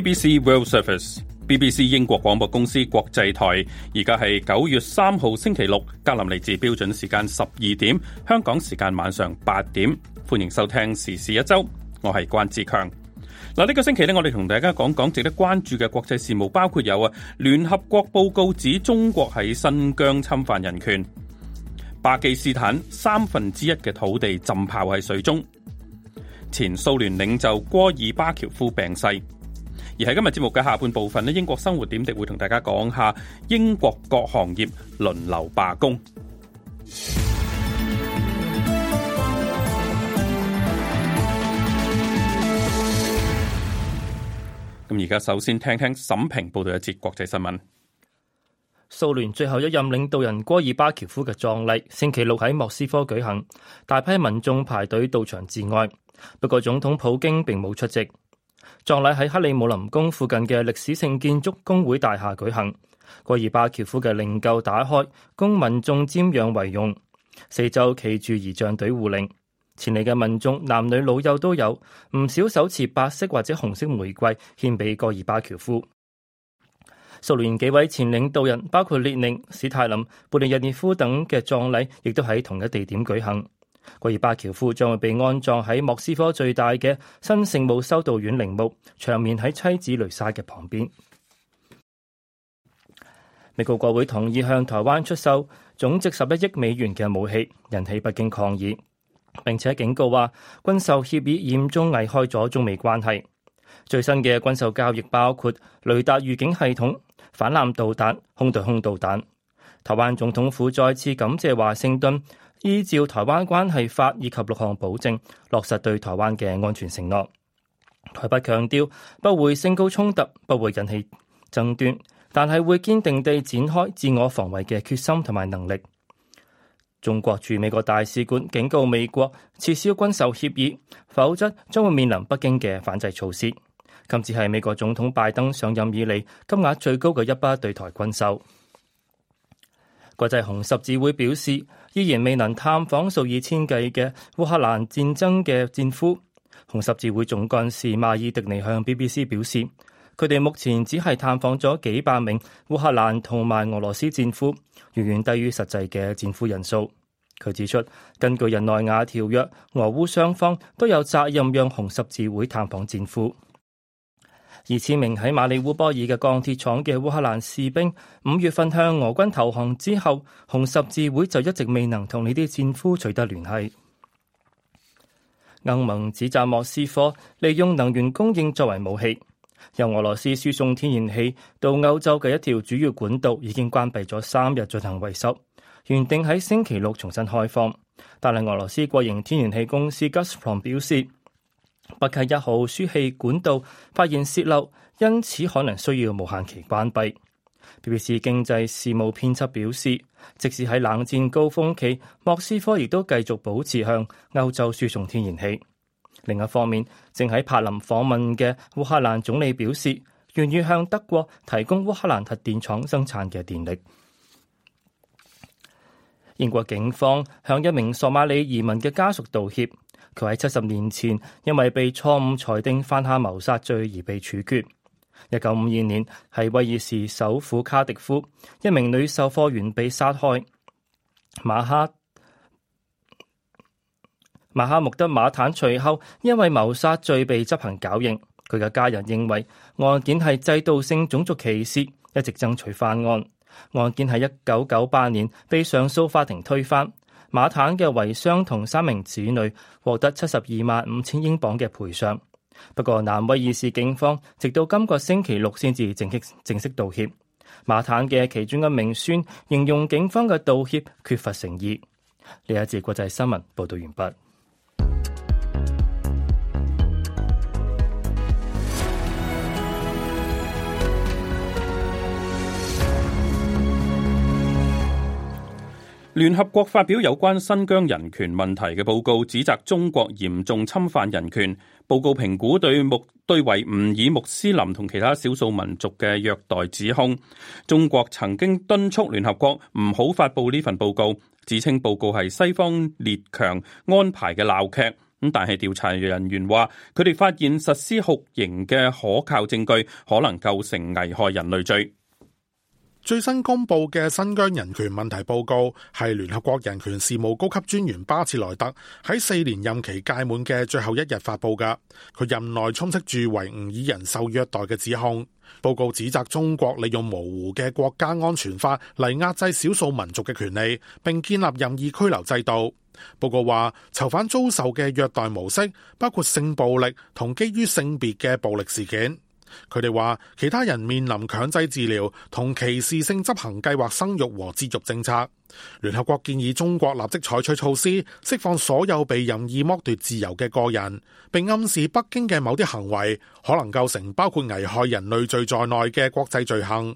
BBC World Service，BBC 英國廣播公司國際台，而家係九月三號星期六，格林尼治標準時間十二點，香港時間晚上八點，歡迎收聽時事一周，我係關志強。嗱，呢個星期咧，我哋同大家講講值得關注嘅國際事務，包括有啊，聯合國報告指中國喺新疆侵犯人權；巴基斯坦三分之一嘅土地浸泡喺水中；前蘇聯領袖戈爾巴喬夫病逝。而喺今日節目嘅下半部分咧，英國生活點滴會同大家講下英國各行業輪流罷工。咁而家首先聽聽沈平報道一節國際新聞。 蘇聯最後一任領導人戈爾巴喬夫嘅葬禮星期六喺莫斯科舉行，大批民眾排隊到場致哀，不過總統普京並冇出席。葬禮喺克里姆林宮附近嘅歷史性建築工會大廈舉行。戈爾巴喬夫嘅靈柩打開，供民眾瞻仰遺容。四周企住儀仗隊護靈。前嚟嘅民眾，男女老幼都有，唔少手持白色或者紅色玫瑰獻俾戈爾巴喬夫。蘇聯幾位前領導人，包括列寧、史泰林、勃列日涅夫等嘅葬禮，亦都喺同一地點舉行。戈爾巴喬夫將會被安葬喺莫斯科最大嘅新聖母修道院陵墓，長眠喺妻子雷莎嘅旁邊。美國國會同意向台灣出售總值十一億美元嘅武器，引起北京抗議，並且警告話軍售協議嚴重危害咗中美關係。最新嘅軍售交易包括雷達預警系統、反艦導彈、空對空導彈。台灣總統府再次感謝華盛頓。依照台灣關係法以及六項保證落實對台灣嘅安全承諾。台北強調不會升高衝突，不會引起爭端，但係會堅定地展開自我防衛嘅決心同埋能力。中國駐美國大使館警告美國撤銷軍售協議，否則將會面臨北京嘅反制措施。今次係美國總統拜登上任以嚟金額最高嘅一筆對台軍售。國際紅十字會表示。依然未能探訪數以千計嘅烏克蘭戰爭嘅戰俘，紅十字會總幹事馬爾迪尼向 BBC 表示，佢哋目前只係探訪咗幾百名烏克蘭同埋俄羅斯戰俘，遠遠低於實際嘅戰俘人數。佢指出，根據日內瓦條約，俄烏雙方都有責任讓紅十字會探訪戰俘。而此名喺馬里烏波爾嘅鋼鐵廠嘅烏克蘭士兵，五月份向俄軍投降之後，紅十字會就一直未能同呢啲戰俘取得聯繫。歐盟指責莫斯科利用能源供應作為武器，由俄羅斯輸送天然氣到歐洲嘅一條主要管道已經關閉咗三日進行維修，原定喺星期六重新開放，但係俄羅斯國營天然氣公司 Gazprom 表示。北溪一號輸氣管道發現洩漏，因此可能需要無限期關閉。BBC 經濟事務編輯表示，即使喺冷戰高峰期，莫斯科亦都繼續保持向歐洲輸送天然氣。另一方面，正喺柏林訪問嘅烏克蘭總理表示，願意向德國提供烏克蘭核電廠生產嘅電力。英國警方向一名索馬里移民嘅家屬道歉。佢喺七十年前因為被錯誤裁定犯下謀殺罪而被處決。一九五二年，喺威爾士首府卡迪夫，一名女售貨員被殺害，馬哈馬哈穆德馬坦隨後因為謀殺罪被執行絞刑。佢嘅家人認為案件係制度性種族歧視，一直爭取翻案。案件喺一九九八年被上訴法庭推翻，馬坦嘅遺孀同三名子女獲得七十二萬五千英鎊嘅賠償。不過，南威爾士警方直到今個星期六先至正式正式道歉。馬坦嘅其中一名孫形容警方嘅道歉缺乏誠意。呢一節國際新聞報道完畢。聯合國發表有關新疆人權問題嘅報告，指責中國嚴重侵犯人權。報告評估對穆對維吾爾穆斯林同其他少數民族嘅虐待指控。中國曾經敦促聯合國唔好發布呢份報告，自稱報告係西方列強安排嘅鬧劇。咁但係調查人員話，佢哋發現實施酷刑嘅可靠證據，可能構成危害人類罪。最新公布嘅新疆人權問題報告，係聯合國人權事務高級專員巴切萊特喺四年任期屆滿嘅最後一日發布噶。佢任內充斥住維吾爾人受虐待嘅指控。報告指責中國利用模糊嘅國家安全法嚟壓制少數民族嘅權利，並建立任意拘留制度。報告話，囚犯遭受嘅虐待模式包括性暴力同基於性別嘅暴力事件。佢哋話其他人面臨強制治療同歧視性執行計劃生育和節育政策。聯合國建議中國立即採取措施釋放所有被任意剝奪自由嘅個人，并暗示北京嘅某啲行為可能構成包括危害人類罪在內嘅國際罪行。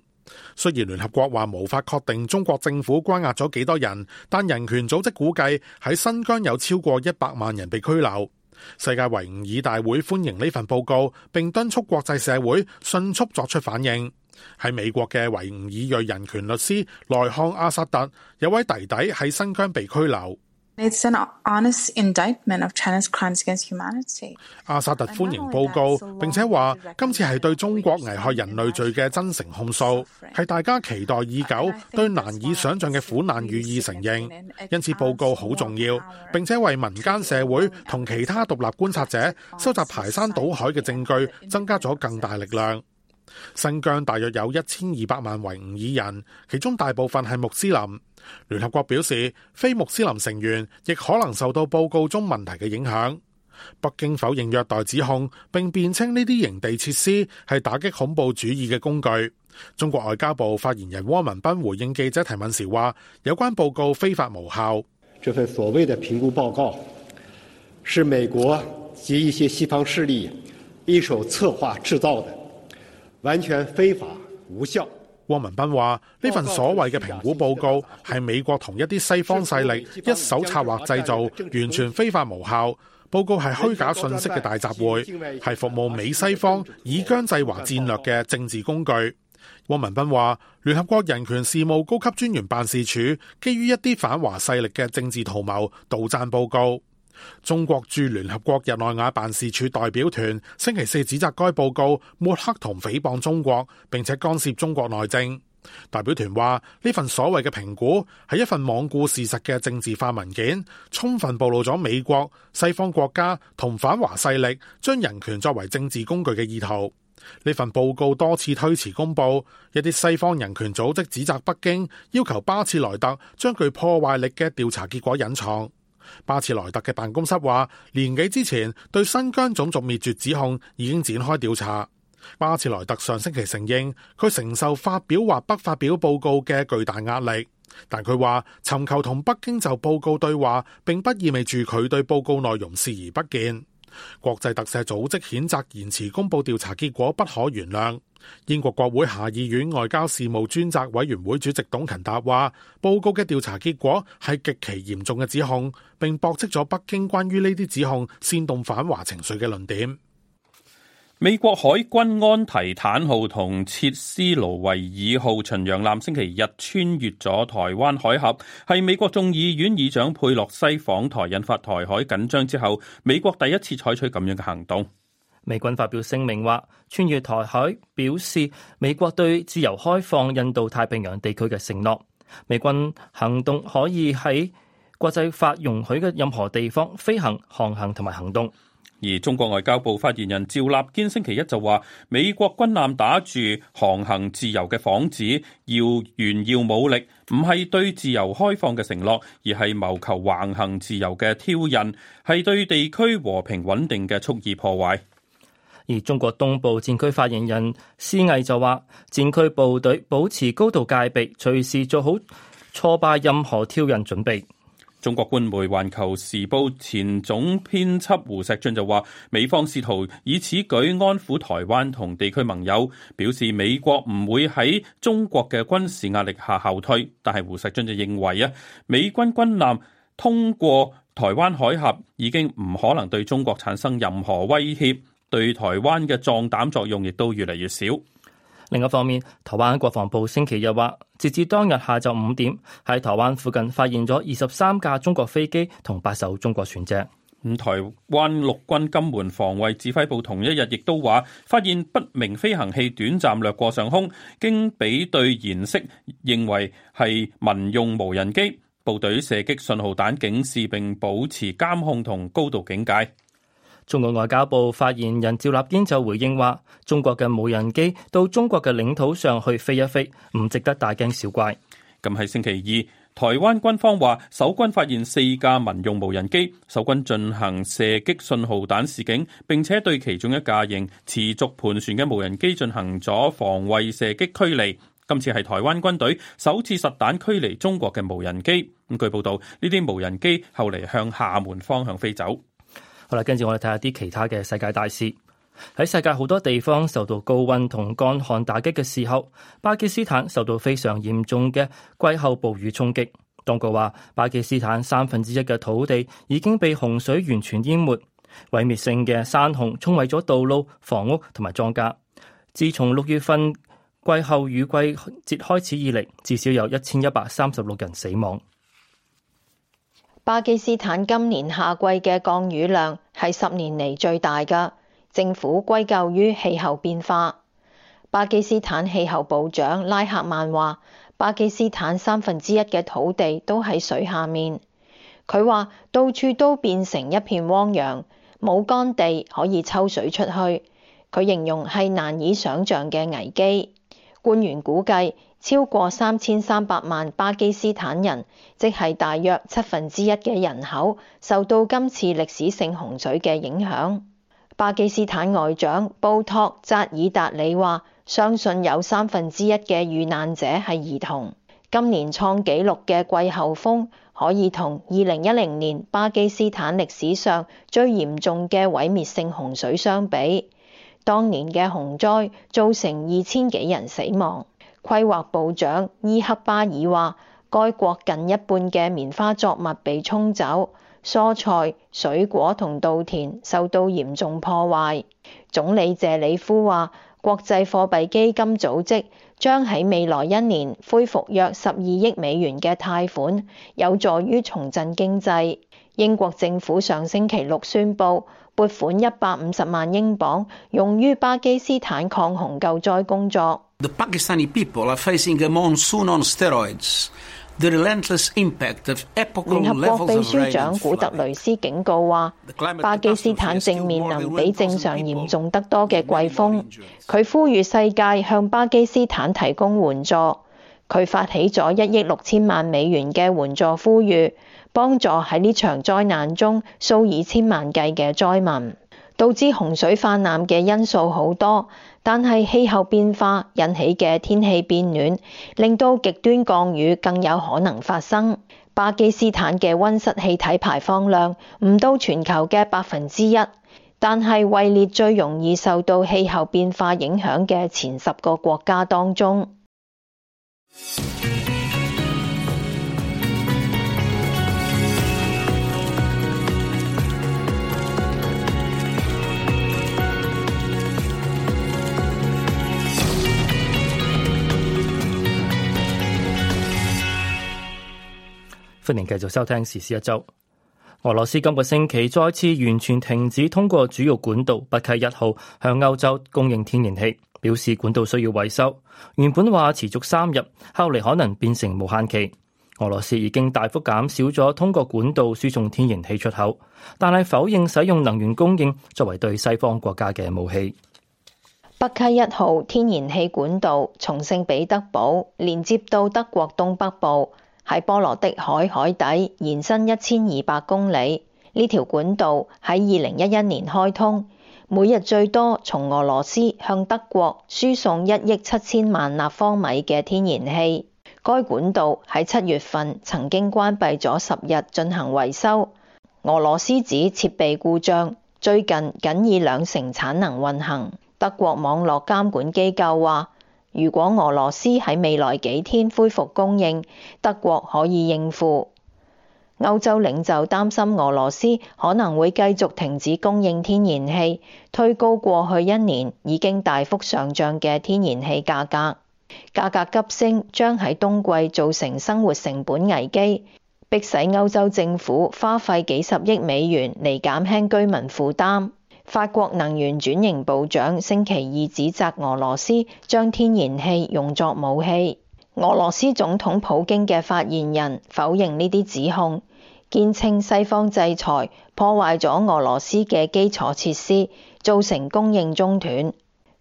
雖然聯合國話無法確定中國政府關押咗幾多人，但人權組織估計喺新疆有超過一百萬人被拘留。世界維吾爾大會歡迎呢份報告，並敦促國際社會迅速作出反應。喺美國嘅維吾爾裔人權律師內康·阿薩達，有位弟弟喺新疆被拘留。It's an honest indictment of China's crimes against humanity。阿薩特歡迎報告，並且話今次係對中國危害人類罪嘅真誠控訴，係大家期待已久，對難以想象嘅苦難予以承認。因此，報告好重要，並且為民間社會同其他獨立觀察者收集排山倒海嘅證據，增加咗更大力量。新疆大約有一千二百萬維吾爾人，其中大部分係穆斯林。聯合國表示，非穆斯林成員亦可能受到報告中問題嘅影響。北京否認虐待指控，並辯稱呢啲營地設施係打擊恐怖主義嘅工具。中國外交部發言人汪文斌回應記者提問時話，有關報告非法無效。這份所謂的評估報告是美國及一些西方勢力一手策劃製造的，完全非法無效。汪文斌話：呢份所謂嘅評估報告係美國同一啲西方勢力一手策劃製造，完全非法無效。報告係虛假信息嘅大集會，係服務美西方以疆制華戰略嘅政治工具。汪文斌話：聯合國人權事務高級專員辦事處基於一啲反華勢力嘅政治圖謀，杜撰報告。中國駐聯合國日內瓦辦事處代表團星期四指責該報告抹黑同誹謗中國，並且干涉中國內政。代表團話：呢份所謂嘅評估係一份罔顧事實嘅政治化文件，充分暴露咗美國、西方國家同反華勢力將人權作為政治工具嘅意圖。呢份報告多次推遲公布，一啲西方人權組織指責北京要求巴茨萊特將具破壞力嘅調查結果隱藏。巴切萊特嘅辦公室話，年幾之前對新疆種族滅絕指控已經展開調查。巴切萊特上星期承認，佢承受發表或不發表報告嘅巨大壓力，但佢話尋求同北京就報告對話，並不意味住佢對報告內容視而不見。國際特赦組織譴責延遲公布調查結果不可原諒。英國國會下議院外交事務專責委員會主席董勤達話：報告嘅調查結果係極其嚴重嘅指控，並駁斥咗北京關於呢啲指控煽動反華情緒嘅論點。美國海軍安提坦號同切斯盧維爾號巡洋艦星期日穿越咗台灣海峽，係美國眾議院議長佩洛西訪台引發台海緊張之後，美國第一次採取咁樣嘅行動。美軍發表聲明話，穿越台海表示美國對自由開放印度太平洋地區嘅承諾。美軍行動可以喺國際法容許嘅任何地方飛行、航行同埋行動。而中國外交部發言人趙立堅星，星期一就話，美國軍艦打住航行自由嘅幌子，要炫耀武力，唔係對自由開放嘅承諾，而係謀求橫行自由嘅挑釁，係對地區和平穩定嘅蓄意破壞。而中國東部戰區發言人施毅就話，戰區部隊保持高度戒備，隨時做好挫敗任何挑釁準備。中國官媒《環球時報》前總編輯胡錫進就話，美方試圖以此舉安撫台灣同地區盟友，表示美國唔會喺中國嘅軍事壓力下後退。但係胡錫進就認為啊，美軍軍艦通過台灣海峽已經唔可能對中國產生任何威脅，對台灣嘅壯膽作用亦都越嚟越少。另一方面，台灣國防部星期日話，截至當日下晝五點，喺台灣附近發現咗二十三架中國飛機同八艘中國船隻。咁台灣陸軍金門防衛指揮部同一日亦都話，發現不明飛行器短暫掠過上空，經比對顏色，認為係民用無人機。部隊射擊信號彈警示並保持監控同高度警戒。中國外交部發言人趙立堅就回應話：中國嘅無人機到中國嘅領土上去飛一飛，唔值得大驚小怪。咁喺星期二，台灣軍方話，守軍發現四架民用無人機，守軍進行射擊信號彈示警，並且對其中一架仍持續盤旋嘅無人機進行咗防衛射擊驅離。今次係台灣軍隊首次實彈驅離中國嘅無人機。咁據報道，呢啲無人機後嚟向廈門方向飛走。好啦，跟住我哋睇下啲其他嘅世界大事。喺世界好多地方受到高溫同乾旱打擊嘅時候，巴基斯坦受到非常嚴重嘅季候暴雨衝擊。當局話，巴基斯坦三分之一嘅土地已經被洪水完全淹沒，毀滅性嘅山洪沖毀咗道路、房屋同埋莊稼。自從六月份季候雨季節開始以嚟，至少有一千一百三十六人死亡。巴基斯坦今年夏季嘅降雨量係十年嚟最大嘅，政府歸咎於氣候變化。巴基斯坦氣候部長拉克曼話，巴基斯坦三分之一嘅土地都喺水下面，佢話到處都變成一片汪洋，冇乾地可以抽水出去。佢形容係難以想象嘅危機。官員估計。超過三千三百萬巴基斯坦人，即係大約七分之一嘅人口，受到今次歷史性洪水嘅影響。巴基斯坦外長布托扎爾達里話：相信有三分之一嘅遇難者係兒童。今年創紀錄嘅季候風可以同二零一零年巴基斯坦歷史上最嚴重嘅毀滅性洪水相比，當年嘅洪災造成二千幾人死亡。規劃部長伊克巴爾話，該國近一半嘅棉花作物被沖走，蔬菜、水果同稻田受到嚴重破壞。總理謝里夫話，國際貨幣基金組織將喺未來一年恢復約十二億美元嘅貸款，有助於重振經濟。英國政府上星期六宣布撥款一百五十萬英鎊，用於巴基斯坦抗洪救災工作。聯合國秘書長古特雷斯警告話，巴基斯坦正面臨比正常嚴重得多嘅季風。佢呼籲世界向巴基斯坦提供援助。佢發起咗一億六千萬美元嘅援助呼籲。幫助喺呢場災難中數以千萬計嘅災民。導致洪水泛濫嘅因素好多，但係氣候變化引起嘅天氣變暖，令到極端降雨更有可能發生。巴基斯坦嘅温室氣體排放量唔到全球嘅百分之一，但係位列最容易受到氣候變化影響嘅前十個國家當中。歡迎繼續收聽時事一周。俄羅斯今個星期再次完全停止通過主要管道北溪一號向歐洲供應天然氣，表示管道需要維修。原本話持續三日，後嚟，可能變成無限期。俄羅斯已經大幅減少咗通過管道輸送天然氣出口，但係否認使用能源供應作為對西方國家嘅武器。北溪一號天然氣管道從聖彼得堡連接到德國東北部。喺波羅的海海底延伸一千二百公里，呢條管道喺二零一一年開通，每日最多從俄羅斯向德國輸送一億七千萬立方米嘅天然氣，該管道喺七月份曾經關閉咗十日進行維修，俄羅斯指設備故障，最近僅以兩成產能運行。德國網絡監管機構話。如果俄羅斯喺未來幾天恢復供應，德國可以應付。歐洲領袖擔心俄羅斯可能會繼續停止供應天然氣，推高過去一年已經大幅上漲嘅天然氣價格。價格急升將喺冬季造成生活成本危機，迫使歐洲政府花費幾十億美元嚟減輕居民負擔。法國能源轉型部長星期二指責俄羅斯將天然氣用作武器。俄羅斯總統普京嘅發言人否認呢啲指控，堅稱西方制裁破壞咗俄羅斯嘅基礎設施，造成供應中斷。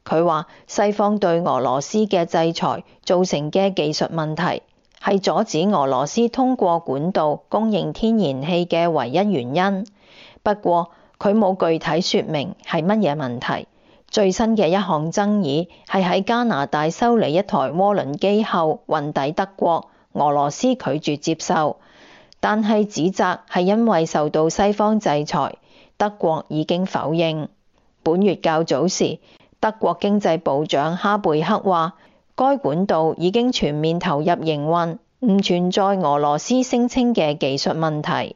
佢話西方對俄羅斯嘅制裁造成嘅技術問題，係阻止俄羅斯通過管道供應天然氣嘅唯一原因。不過。佢冇具體說明係乜嘢問題。最新嘅一項爭議係喺加拿大修理一台渦輪機後運抵德國，俄羅斯拒絕接受，但係指責係因為受到西方制裁。德國已經否認。本月較早時，德國經濟部長哈貝克話，該管道已經全面投入營運，唔存在俄羅斯聲稱嘅技術問題。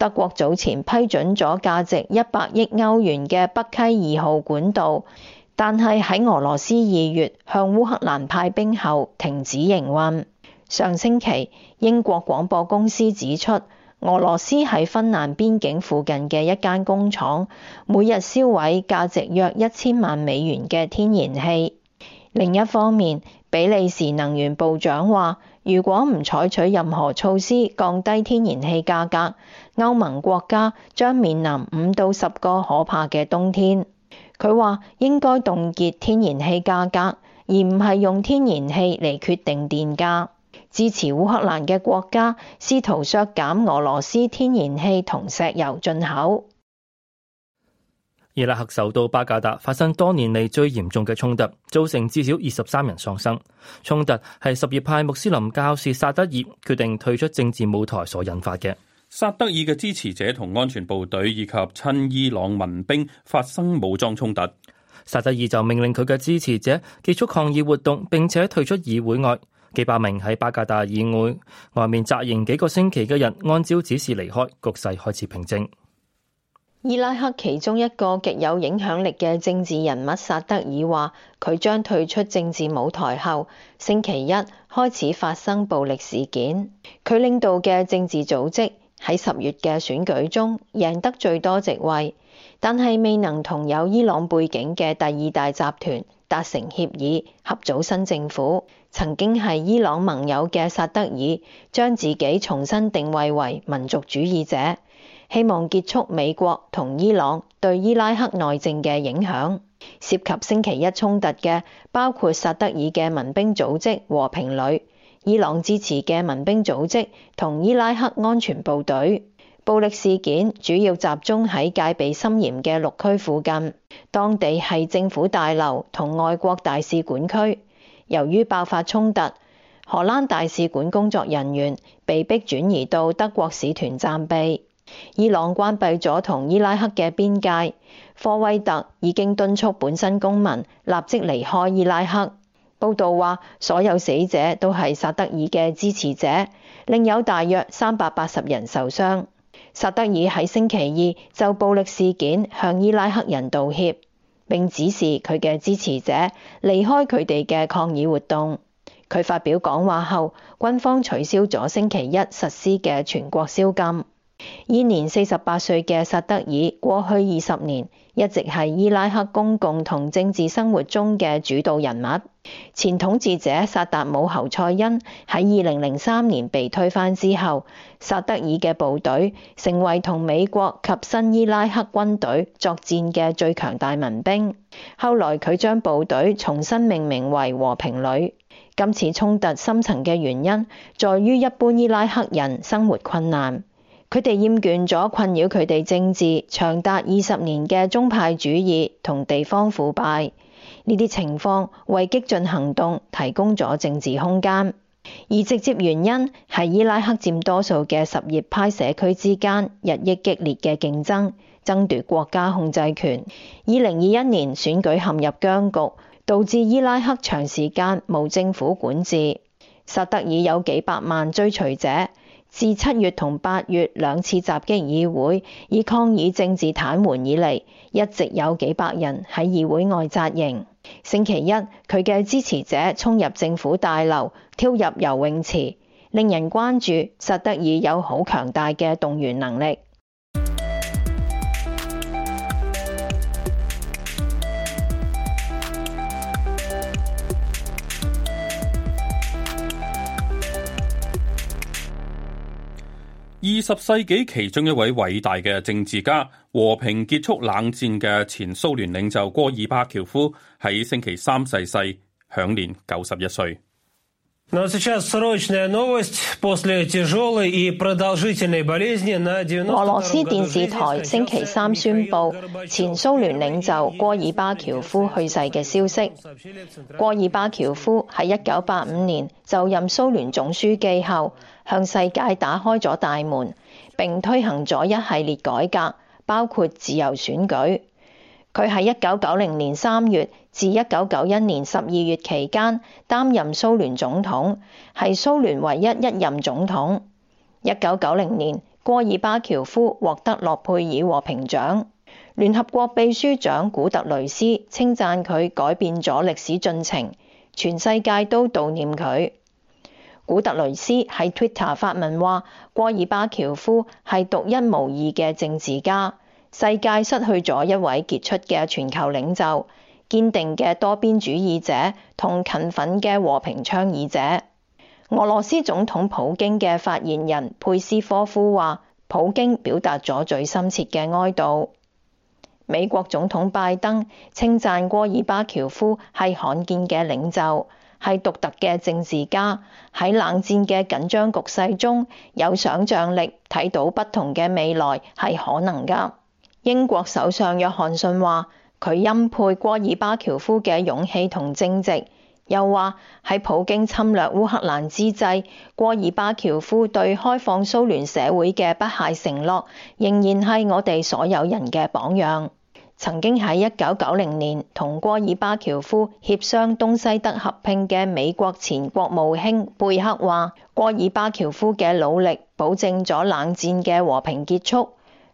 德國早前批准咗價值一百億歐元嘅北溪二號管道，但係喺俄羅斯二月向烏克蘭派兵後停止營運。上星期英國廣播公司指出，俄羅斯喺芬蘭邊境附近嘅一間工廠，每日燒毀價值約一千萬美元嘅天然氣。另一方面，比利時能源部長話，如果唔採取任何措施降低天然氣價格，歐盟國家將面臨五到十個可怕嘅冬天。佢話應該凍結天然氣價格，而唔係用天然氣嚟決定電價。支持烏克蘭嘅國家試圖削減俄羅斯天然氣同石油進口。伊拉克首都巴格達發生多年嚟最嚴重嘅衝突，造成至少二十三人喪生。衝突係什葉派穆斯林教士薩德爾決定退出政治舞台所引發嘅。薩德爾嘅支持者同安全部隊以及親伊朗民兵發生武裝衝突。薩德爾就命令佢嘅支持者結束抗議活動，並且退出議會外。幾百名喺巴格達議會外面紮營幾個星期嘅人，按照指示離開，局勢開始平靜。伊拉克其中一個極有影響力嘅政治人物薩德爾話，佢將退出政治舞台後，星期一開始發生暴力事件。佢領導嘅政治組織喺十月嘅選舉中贏得最多席位，但係未能同有伊朗背景嘅第二大集團達成協議合組新政府。曾經係伊朗盟友嘅薩德爾，將自己重新定位為民族主義者。希望結束美國同伊朗對伊拉克內政嘅影響，涉及星期一衝突嘅包括薩德爾嘅民兵組織和平旅、伊朗支持嘅民兵組織同伊拉克安全部隊。暴力事件主要集中喺戒備森嚴嘅綠區附近，當地係政府大樓同外國大使館區。由於爆發衝突，荷蘭大使館工作人員被迫轉移到德國使團暫避。伊朗關閉咗同伊拉克嘅邊界。科威特已經敦促本身公民立即離開伊拉克。報道話，所有死者都係薩德爾嘅支持者，另有大約三百八十人受傷。薩德爾喺星期二就暴力事件向伊拉克人道歉，並指示佢嘅支持者離開佢哋嘅抗議活動。佢發表講話後，軍方取消咗星期一實施嘅全國宵禁。現年四十八歲嘅薩德爾，過去二十年一直係伊拉克公共同政治生活中嘅主導人物。前統治者薩達姆侯賽恩喺二零零三年被推翻之後，薩德爾嘅部隊成為同美國及新伊拉克軍隊作戰嘅最強大民兵。後來佢將部隊重新命名為和平旅。今次衝突深層嘅原因，在於一般伊拉克人生活困難。佢哋厭倦咗困擾佢哋政治長達二十年嘅宗派主義同地方腐敗呢啲情況，為激進行動提供咗政治空間。而直接原因係伊拉克佔多數嘅什葉派社區之間日益激烈嘅競爭，爭奪國家控制權。二零二一年選舉陷入僵局，導致伊拉克長時間冇政府管治。薩德爾有幾百萬追隨者。自七月同八月兩次襲擊議會，以抗議政治癱瘓以嚟，一直有幾百人喺議會外扎營。星期一，佢嘅支持者衝入政府大樓，跳入游泳池，令人關注，薩德爾有好強大嘅動員能力。二十世紀其中一位偉大嘅政治家、和平結束冷戰嘅前蘇聯領袖戈爾巴喬夫喺星期三逝世，享年九十一歲。俄羅斯電視台星期三宣布前蘇聯領袖戈爾巴喬夫去世嘅消息。戈爾巴喬夫喺一九八五年就任蘇聯總書記後，向世界打開咗大門，並推行咗一系列改革，包括自由選舉。佢喺一九九零年三月至一九九一年十二月期間擔任蘇聯總統，係蘇聯唯一一任總統。一九九零年，戈爾巴喬夫獲得諾貝爾和平獎。聯合國秘書長古特雷斯稱讚佢改變咗歷史進程，全世界都悼念佢。古特雷斯喺 Twitter 發文話：戈爾巴喬夫係獨一無二嘅政治家，世界失去咗一位傑出嘅全球領袖、堅定嘅多邊主義者同勤奮嘅和平倡議者。俄羅斯總統普京嘅發言人佩斯科夫話：普京表達咗最深切嘅哀悼。美國總統拜登稱讚戈爾巴喬夫係罕見嘅領袖。係獨特嘅政治家喺冷戰嘅緊張局勢中，有想象力睇到不同嘅未來係可能噶。英國首相約翰遜話：佢欽佩戈爾巴喬夫嘅勇氣同正直，又話喺普京侵略烏克蘭之際，戈爾巴喬夫對開放蘇聯社會嘅不懈承諾，仍然係我哋所有人嘅榜樣。曾經喺一九九零年同戈爾巴喬夫協商東西德合併嘅美國前國務卿貝克話，戈爾巴喬夫嘅努力保證咗冷戰嘅和平結束。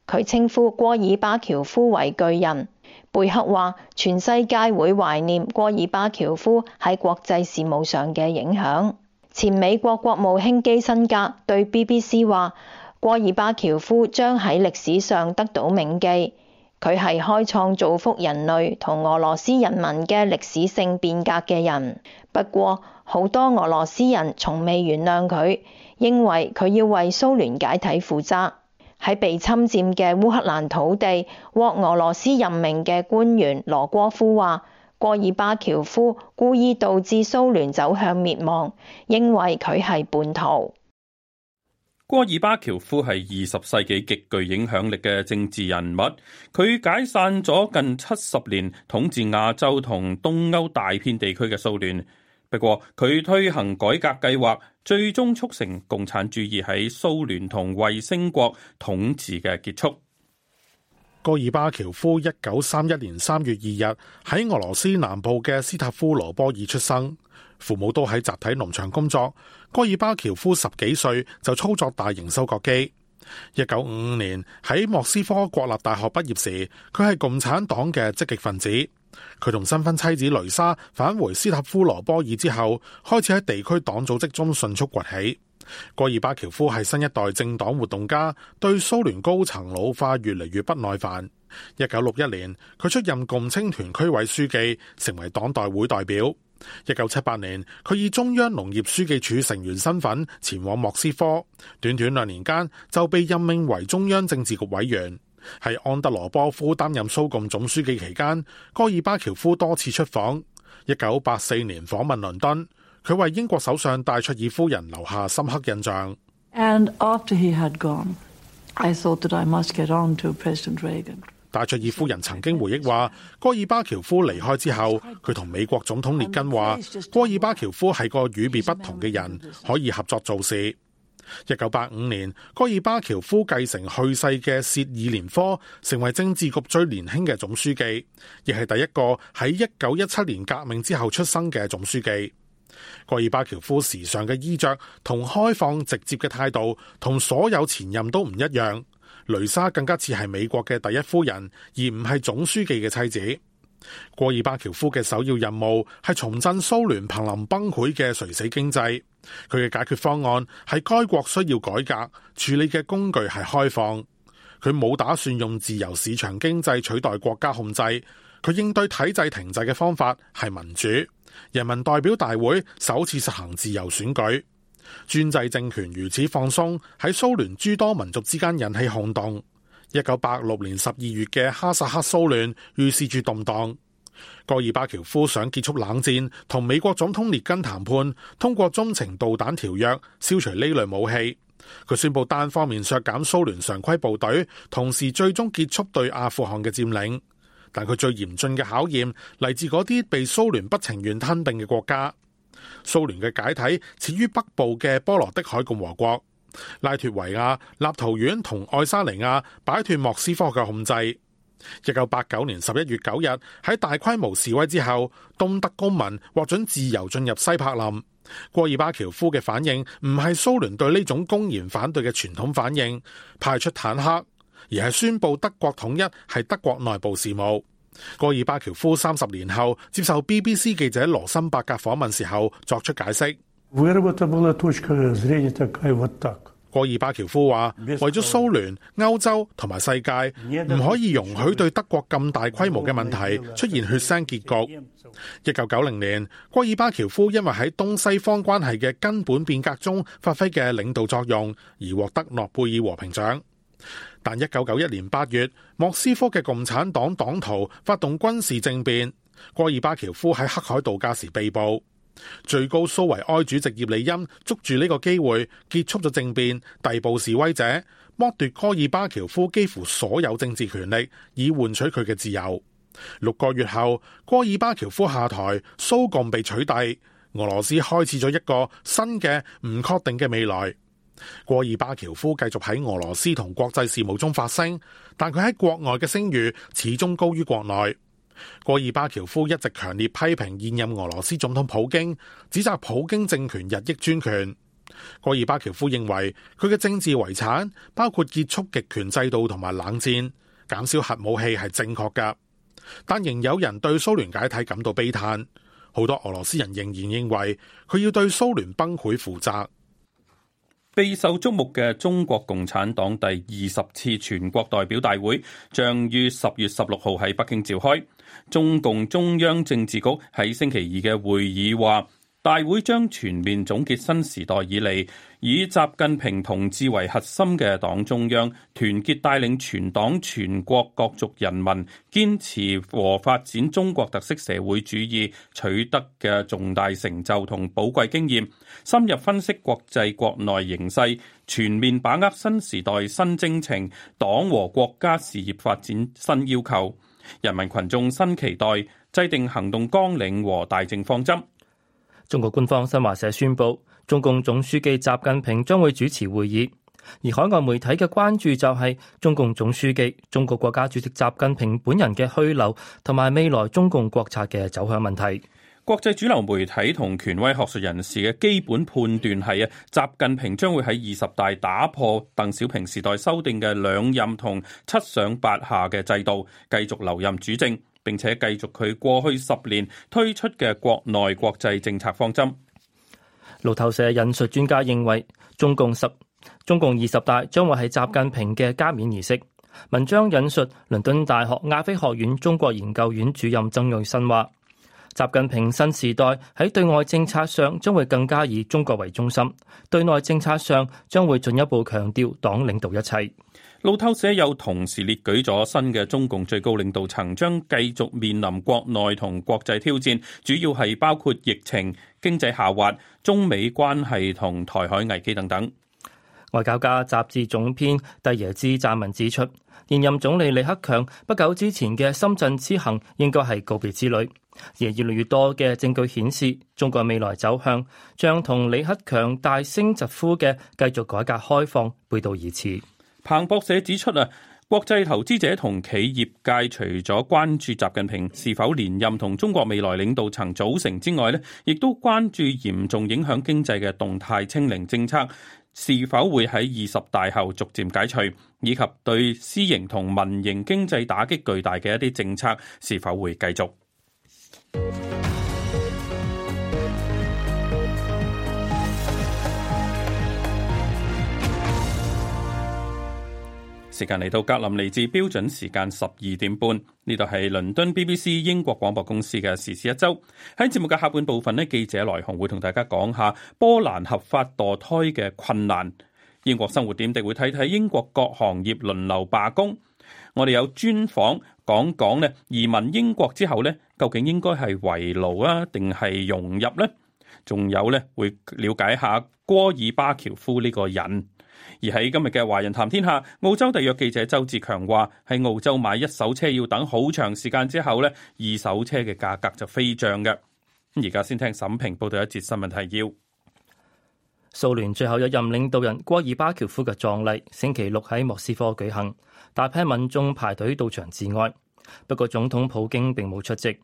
佢稱呼戈爾巴喬夫為巨人。貝克話，全世界會懷念戈爾巴喬夫喺國際事務上嘅影響。前美國國務卿基辛格對 BBC 話，戈爾巴喬夫將喺歷史上得到銘記。佢係開創造福人類同俄羅斯人民嘅歷史性變革嘅人，不過好多俄羅斯人從未原諒佢，因為佢要為蘇聯解體負責。喺被侵占嘅烏克蘭土地獲俄羅斯任命嘅官員羅戈夫話，戈爾巴喬夫故意導致蘇聯走向滅亡，因為佢係叛徒。戈爾巴喬夫係二十世紀極具影響力嘅政治人物，佢解散咗近七十年統治亞洲同東歐大片地區嘅蘇聯。不過佢推行改革計劃，最終促成共產主義喺蘇聯同衛星國統治嘅結束。戈爾巴喬夫一九三一年三月二日喺俄羅斯南部嘅斯塔夫羅波爾出生，父母都喺集體農場工作。戈爾巴喬夫十幾歲就操作大型收割機。一九五五年喺莫斯科國立大學畢業時，佢係共產黨嘅積極分子。佢同新婚妻子雷莎返回斯塔夫羅波爾之後，開始喺地區黨組織中迅速崛起。戈爾巴喬夫係新一代政黨活動家，對蘇聯高層老化越嚟越不耐煩。一九六一年，佢出任共青團區委書記，成為黨代會代表。一九七八年，佢以中央農業書記處成員身份前往莫斯科，短短兩年間就被任命為中央政治局委員。喺安德羅波夫擔任蘇共總書記期間，戈爾巴喬夫多次出訪。一九八四年訪問倫敦，佢為英國首相戴卓爾夫人留下深刻印象。And after he had gone, I thought that I must get on to President Reagan. 戴卓爾夫人曾經回憶話：戈爾巴喬夫離開之後，佢同美國總統列根話，戈爾巴喬夫係個與別不同嘅人，可以合作做事。一九八五年，戈爾巴喬夫繼承去世嘅薛爾連科，成為政治局最年輕嘅總書記，亦係第一個喺一九一七年革命之後出生嘅總書記。戈爾巴喬夫時尚嘅衣着同開放直接嘅態度，同所有前任都唔一樣。雷莎更加似係美國嘅第一夫人，而唔係總書記嘅妻子。戈爾巴喬夫嘅首要任務係重振蘇聯瀕臨崩潰嘅垂死經濟。佢嘅解決方案係該國需要改革，處理嘅工具係開放。佢冇打算用自由市場經濟取代國家控制。佢應對體制停滯嘅方法係民主。人民代表大會首次實行自由選舉。專制政權如此放鬆，喺蘇聯諸多民族之間引起哄動。一九八六年十二月嘅哈薩克蘇聯預示住動盪。戈爾巴喬夫想結束冷戰，同美國總統列根談判，通過中程導彈條約消除呢類武器。佢宣布單方面削減蘇聯常規部隊，同時最終結束對阿富汗嘅佔領。但佢最嚴峻嘅考驗嚟自嗰啲被蘇聯不情願吞併嘅國家。蘇聯嘅解體始於北部嘅波羅的海共和國——拉脫維亞、立陶宛同愛沙尼亞擺脫莫斯科嘅控制。一九八九年十一月九日喺大規模示威之後，東德公民獲准自由進入西柏林。戈爾巴喬夫嘅反應唔係蘇聯對呢種公然反對嘅傳統反應，派出坦克，而係宣布德國統一係德國內部事務。戈爾巴喬夫三十年後接受 BBC 記者羅森伯格訪問時候作出解釋。戈爾巴喬夫話：為咗蘇聯、歐洲同埋世界，唔可以容許對德國咁大規模嘅問題出現血腥結局。一九九零年，戈爾巴喬夫因為喺東西方關係嘅根本變革中發揮嘅領導作用，而獲得諾貝爾和平獎。但一九九一年八月，莫斯科嘅共產黨黨徒發動軍事政變，戈爾巴喬夫喺黑海度假時被捕。最高蘇維埃主席葉利欽捉住呢個機會，結束咗政變，逮捕示威者，剝奪戈爾巴喬夫幾乎所有政治權力，以換取佢嘅自由。六個月後，戈爾巴喬夫下台，蘇共被取締，俄羅斯開始咗一個新嘅唔確定嘅未來。戈爾巴喬夫繼續喺俄羅斯同國際事務中發聲，但佢喺國外嘅聲譽始終高於國內。戈爾巴喬夫一直強烈批評現任俄羅斯總統普京，指責普京政權日益專權。戈爾巴喬夫認為佢嘅政治遺產包括結束極權制度同埋冷戰、減少核武器係正確嘅，但仍有人對蘇聯解體感到悲嘆。好多俄羅斯人仍然認為佢要對蘇聯崩潰負責。備受矚目嘅中國共產黨第二十次全國代表大會將於十月十六號喺北京召開。中共中央政治局喺星期二嘅會議話，大會將全面總結新時代以來以習近平同志為核心嘅黨中央團結帶領全黨全國各族人民堅持和發展中國特色社會主義取得嘅重大成就同寶貴經驗，深入分析國際國內形勢，全面把握新時代新征程黨和國家事業發展新要求、人民群眾新期待，制定行動綱領和大政方針。中國官方新華社宣布，中共總書記習近平將會主持會議。而海外媒體嘅關注就係中共總書記、中國國家主席習近平本人嘅去留，同埋未來中共國策嘅走向問題。國際主流媒體同權威學術人士嘅基本判斷係啊，習近平將會喺二十大打破鄧小平時代修訂嘅兩任同七上八下嘅制度，繼續留任主政。並且繼續佢過去十年推出嘅國內國際政策方針。路透社引述專家認為，中共十中共二十大將會係習近平嘅加冕儀式。文章引述倫敦大學亞非學院中國研究院主任曾瑞新話，習近平新時代喺對外政策上將會更加以中國為中心，對內政策上將會進一步強調黨領導一切。路透社又同時列舉咗新嘅中共最高領導層將繼續面臨國內同國際挑戰，主要係包括疫情、經濟下滑、中美關係同台海危機等等。外交家雜誌總編帝耶之撰文指出，現任總理李克強不久之前嘅深圳之行應該係告別之旅，而越嚟越多嘅證據顯示，中國未來走向將同李克強大聲疾呼嘅繼續改革開放背道而馳。彭博社指出啊，國際投資者同企業界除咗關注習近平是否連任同中國未來領導層組成之外，呢亦都關注嚴重影響經濟嘅動態清零政策是否會喺二十大後逐漸解除，以及對私營同民營經濟打擊巨大嘅一啲政策是否會繼續。時間嚟到格林利治標準時間十二點半，呢度係倫敦 BBC 英國廣播公司嘅時事一周。喺節目嘅下半部分呢，記者來鴻會同大家講下波蘭合法墮胎嘅困難，英國生活點滴會睇睇英國各行業輪流罷工。我哋有專訪講講呢，移民英國之後呢，究竟應該係圍爐啊，定係融入呢？仲有呢，會了解下戈爾巴喬夫呢個人。而喺今日嘅《華人談天下》，澳洲特約記者周志強話：喺澳洲買一手車要等好長時間之後咧，二手車嘅價格就飛漲嘅。而家先聽沈平報道一節新聞提要。蘇聯最後一任領導人戈爾巴喬夫嘅葬禮，星期六喺莫斯科舉行，大批民眾排隊到場致哀。不過總統普京並冇出席。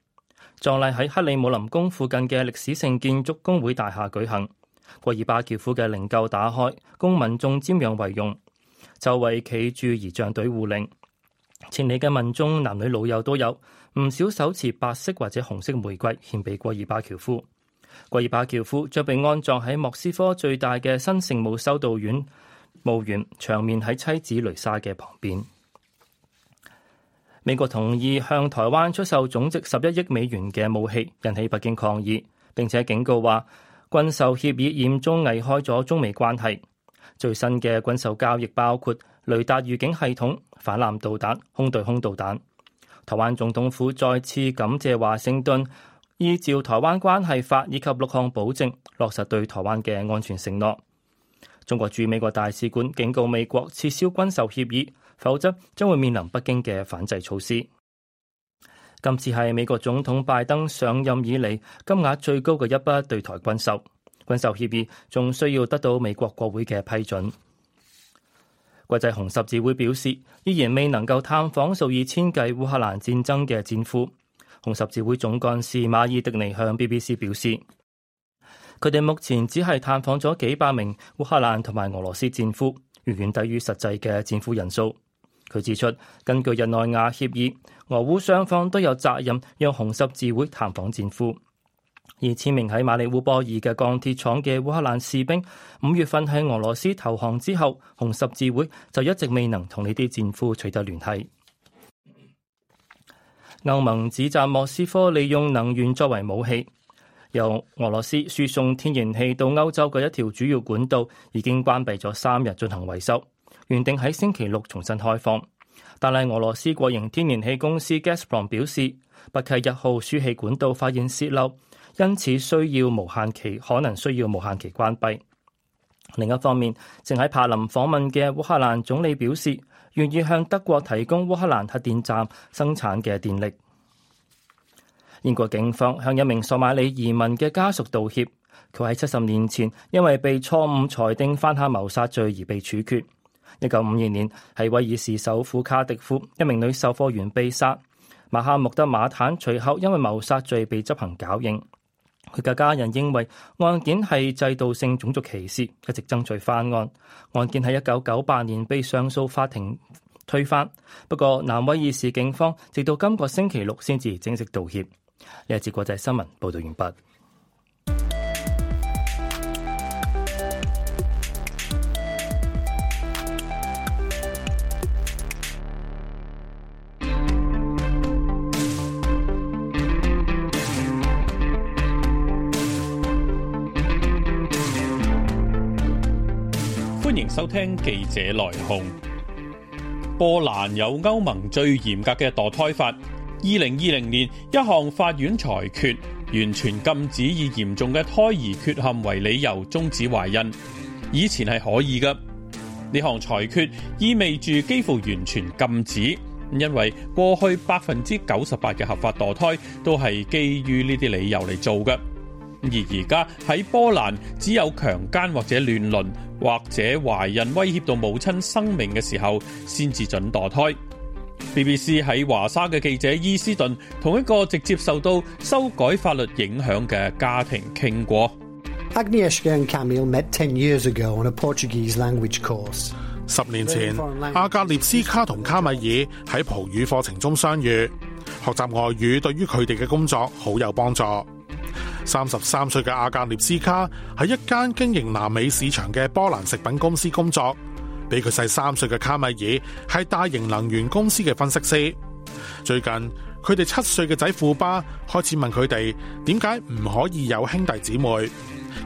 葬禮喺克里姆林宮附近嘅歷史性建築工會大廈舉行。戈爾巴喬夫嘅靈柩打開，供民眾瞻仰為用，周圍企住儀仗隊護靈，前嚟嘅民眾男女老幼都有，唔少手持白色或者紅色玫瑰獻俾戈爾巴喬夫。戈爾巴喬夫將被安葬喺莫斯科最大嘅新聖母修道院墓園，長眠喺妻子雷莎嘅旁邊。美國同意向台灣出售總值十一億美元嘅武器，引起北京抗議，並且警告話。軍售協議嚴重危害咗中美關係。最新嘅軍售交易包括雷達預警系統、反艦導彈、空對空導彈。台灣總統府再次感謝華盛頓依照《台灣關係法》以及六項保證落實對台灣嘅安全承諾。中國駐美國大使館警告美國撤銷軍售協議，否則將會面臨北京嘅反制措施。今次係美國總統拜登上任以嚟金額最高嘅一筆對台軍售，軍售協議仲需要得到美國國會嘅批准。國際紅十字會表示，依然未能夠探訪數以千計烏克蘭戰爭嘅戰俘。紅十字會總幹事馬爾迪尼向 BBC 表示，佢哋目前只係探訪咗幾百名烏克蘭同埋俄羅斯戰俘，遠遠低於實際嘅戰俘人數。佢指出，根據日內瓦協議，俄烏雙方都有責任讓紅十字會探訪戰俘。二千名喺馬里烏波爾嘅鋼鐵廠嘅烏克蘭士兵，五月份喺俄羅斯投降之後，紅十字會就一直未能同呢啲戰俘取得聯繫。歐盟指責莫斯科利用能源作為武器。由俄羅斯輸送天然氣到歐洲嘅一條主要管道已經關閉咗三日進行維修，原定喺星期六重新開放。但係，俄羅斯國營天然氣公司 Gazprom 表示，北溪一號輸氣管道發現泄漏，因此需要無限期，可能需要無限期關閉。另一方面，正喺柏林訪問嘅烏克蘭總理表示，願意向德國提供烏克蘭核電站生產嘅電力。英國警方向一名索馬里移民嘅家屬道歉，佢喺七十年前因為被錯誤裁定犯下謀殺罪而被處決。一九五二年，喺威爾士首府卡迪夫，一名女售貨員被殺，馬哈穆德馬坦隨後因為謀殺罪被執行絞刑。佢嘅家人認為案件係制度性種族歧視，一直爭取翻案。案件喺一九九八年被上訴法庭推翻，不過南威爾士警方直到今個星期六先至正式道歉。呢一節國際新聞報道完畢。收聽記者來鴻。波蘭有歐盟最嚴格嘅墮胎法，二零二零年一項法院裁決完全禁止以嚴重嘅胎兒缺陷為理由終止懷孕，以前係可以噶。呢項裁決意味住幾乎完全禁止，因為過去百分之九十八嘅合法墮胎都係基於呢啲理由嚟做㗎。而而家喺波蘭，只有強姦或者亂倫或者懷孕威脅到母親生命嘅時候，先至準墮胎。BBC 喺華沙嘅記者伊斯頓同一個直接受到修改法律影響嘅家庭傾過。十年前，阿格列斯卡同卡米爾喺葡語課程中相遇，學習外語對於佢哋嘅工作好有幫助。三十三歲嘅阿格涅斯卡喺一間經營南美市場嘅波蘭食品公司工作，比佢細三歲嘅卡米爾係大型能源公司嘅分析師。最近佢哋七歲嘅仔庫巴開始問佢哋點解唔可以有兄弟姊妹。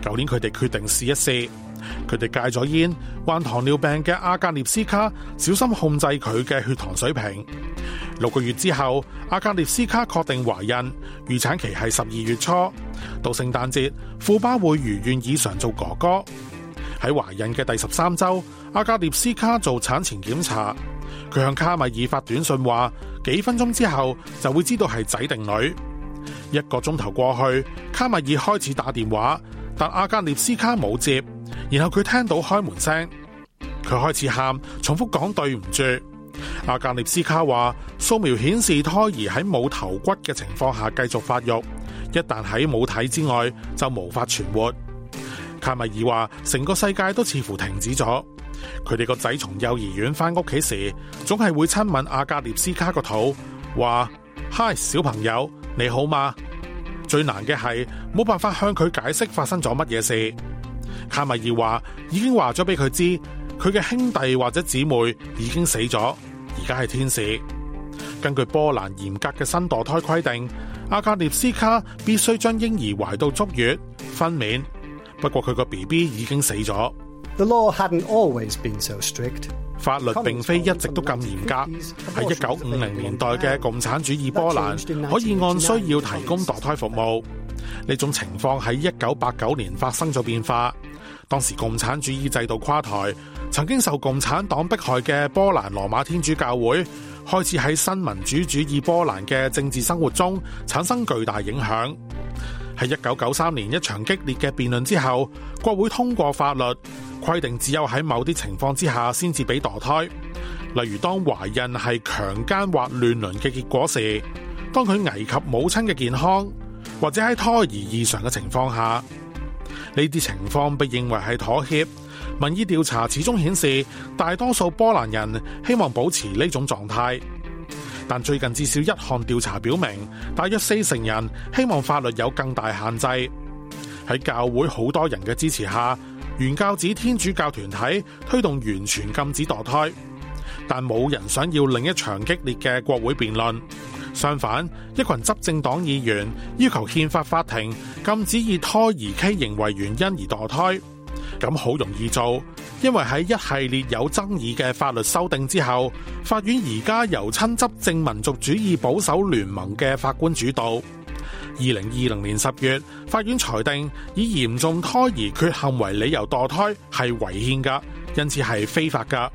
舊年佢哋決定試一試，佢哋戒咗煙，患糖尿病嘅阿格涅斯卡小心控制佢嘅血糖水平。六個月之後，阿格涅斯卡確定懷孕，預產期係十二月初到聖誕節。庫巴會如願以償做哥哥。喺懷孕嘅第十三周，阿格涅斯卡做產前檢查，佢向卡米爾發短信話：幾分鐘之後就會知道係仔定女。一個鐘頭過去，卡米爾開始打電話，但阿格涅斯卡冇接。然後佢聽到開門聲，佢開始喊，重複講對唔住。阿格涅斯卡話：掃描顯示胎兒喺冇頭骨嘅情況下繼續發育，一旦喺母體之外就無法存活。卡米爾話：成個世界都似乎停止咗。佢哋個仔從幼兒園返屋企時，總係會親吻阿格涅斯卡個肚，話：嗨，小朋友你好嗎？最難嘅係冇辦法向佢解釋發生咗乜嘢事。卡米爾話：已經話咗俾佢知。佢嘅兄弟或者姊妹已經死咗，而家係天使。根據波蘭嚴格嘅新墮胎規定，阿格涅斯卡必須將嬰兒懷到足月分娩。不過佢個 B B 已經死咗。The law hadn't always been so strict。法律並非一直都咁嚴格。喺一九五零年代嘅共產主義波蘭，可以按需要提供墮胎服務。呢種情況喺一九八九年發生咗變化。當時共產主義制度垮台，曾經受共產黨迫害嘅波蘭羅馬天主教會開始喺新民主主義波蘭嘅政治生活中產生巨大影響。喺一九九三年一場激烈嘅辯論之後，國會通過法律規定，只有喺某啲情況之下先至俾墮胎，例如當懷孕係強姦或亂倫嘅結果時，當佢危及母親嘅健康，或者喺胎兒異常嘅情況下。呢啲情況被認為係妥協。民意調查始終顯示，大多數波蘭人希望保持呢種狀態，但最近至少一項調查表明，大約四成人希望法律有更大限制。喺教會好多人嘅支持下，原教旨天主教團體推動完全禁止墮胎，但冇人想要另一場激烈嘅國會辯論。相反，一群執政黨議員要求憲法法庭禁止以胎兒畸形為原因而墮胎，咁好容易做，因為喺一系列有爭議嘅法律修訂之後，法院而家由親執政民族主義保守聯盟嘅法官主導。二零二零年十月，法院裁定以嚴重胎兒缺陷為理由墮胎係違憲噶，因此係非法噶。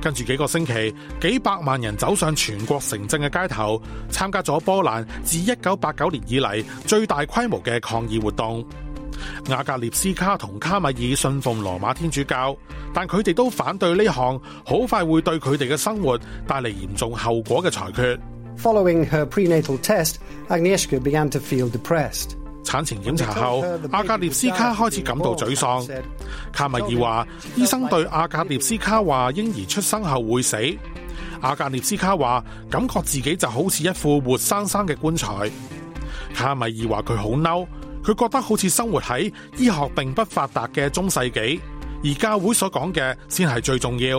跟住幾個星期，幾百萬人走上全國城鎮嘅街頭，參加咗波蘭自一九八九年以嚟最大規模嘅抗議活動。亞格涅斯卡同卡米爾信奉羅馬天主教，但佢哋都反對呢項好快會對佢哋嘅生活帶嚟嚴重後果嘅裁決。Following her prenatal test, Agnieszka began to feel depressed. 產前檢查後，阿格列斯卡開始感到沮喪。卡米爾話：醫生對阿格列斯卡話嬰兒出生後會死。阿格列斯卡話：感覺自己就好似一副活生生嘅棺材。卡米爾話佢好嬲，佢覺得好似生活喺醫學並不發達嘅中世紀，而教會所講嘅先係最重要。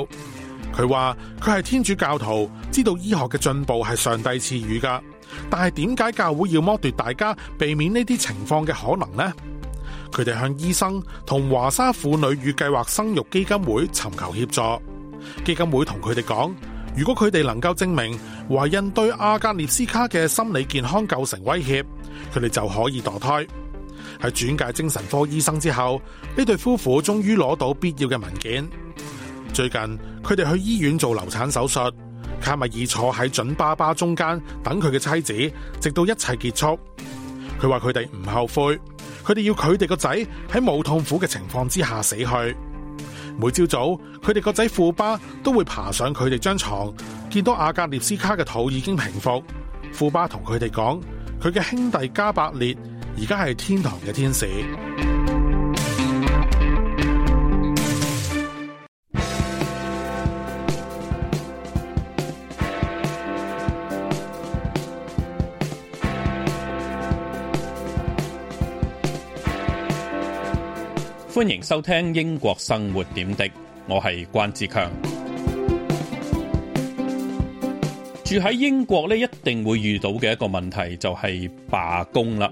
佢話佢係天主教徒，知道醫學嘅進步係上帝賜予㗎。但係點解教會要剝奪大家避免呢啲情況嘅可能呢？佢哋向醫生同華沙婦女與計劃生育基金會尋求協助。基金會同佢哋講，如果佢哋能夠證明懷孕對阿格涅斯卡嘅心理健康構成威脅，佢哋就可以墮胎。喺轉介精神科醫生之後，呢對夫婦終於攞到必要嘅文件。最近，佢哋去醫院做流產手術。卡密爾坐喺準爸爸中間等佢嘅妻子，直到一切結束。佢話佢哋唔後悔，佢哋要佢哋個仔喺冇痛苦嘅情況之下死去。每朝早，佢哋個仔庫巴都會爬上佢哋張床，見到阿格列斯卡嘅肚已經平復。庫巴同佢哋講，佢嘅兄弟加百列而家係天堂嘅天使。歡迎收聽英國生活點滴，我係關志強。住喺英國呢，一定會遇到嘅一個問題就係罷工啦。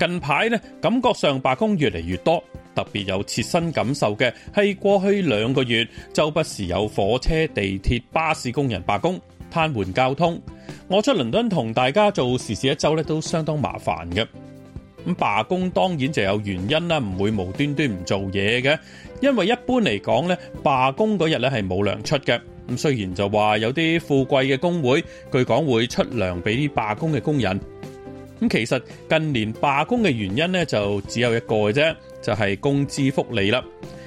近排咧，感覺上罷工越嚟越多，特別有切身感受嘅係過去兩個月，周不時有火車、地鐵、巴士工人罷工，癱瘓交通。我出倫敦同大家做時事一周呢都相當麻煩嘅。咁罷工當然就有原因啦，唔會無端端唔做嘢嘅。因為一般嚟講呢，罷工嗰日呢係冇糧出嘅。咁雖然就話有啲富貴嘅工會，據講會出糧俾啲罷工嘅工人。咁其實近年罷工嘅原因呢就只有一個嘅啫，就係工資福利啦。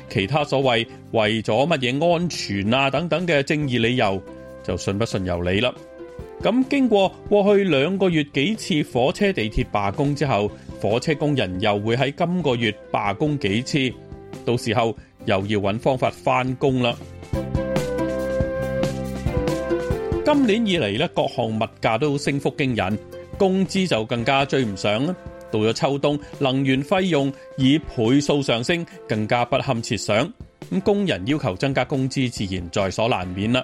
其他所謂為咗乜嘢安全啊等等嘅正義理由，就信不信由你啦。咁經過過去兩個月幾次火車、地鐵罷工之後，火車工人又會喺今個月罷工幾次，到時候又要揾方法翻工啦。 今年以嚟呢，各項物價都升幅驚人，工資就更加追唔上啦。到咗秋冬，能源費用以倍數上升，更加不堪設想。咁工人要求增加工資，自然在所難免啦。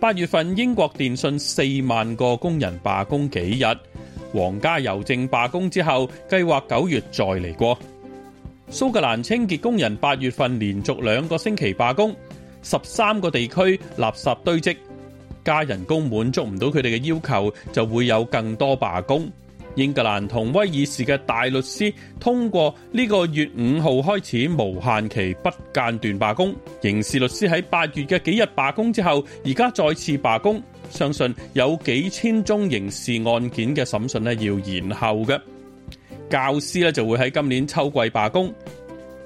八月份英國電信四萬個工人罷工幾日，皇家郵政罷工之後，計劃九月再嚟過。蘇格蘭清潔工人八月份連續兩個星期罷工，十三個地區垃圾堆積，加人工滿足唔到佢哋嘅要求，就會有更多罷工。英格蘭同威爾士嘅大律師通過呢個月五號開始無限期不間斷罷工，刑事律師喺八月嘅幾日罷工之後，而家再次罷工，相信有幾千宗刑事案件嘅審訊呢要延後嘅。教師呢就會喺今年秋季罷工，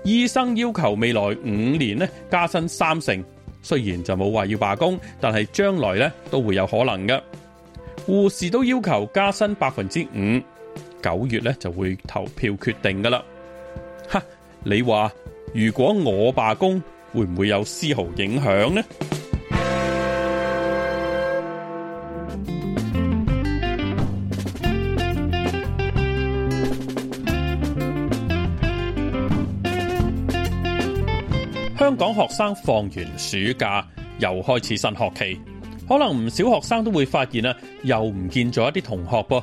醫生要求未來五年呢加薪三成，雖然就冇話要罷工，但係將來呢都會有可能嘅。護士都要求加薪百分之五，九月咧就會投票決定噶啦。哈，你話如果我罷工會唔會有絲毫影響呢？香港學生放完暑假又開始新學期。可能唔少學生都會發現啊，又唔見咗一啲同學噃。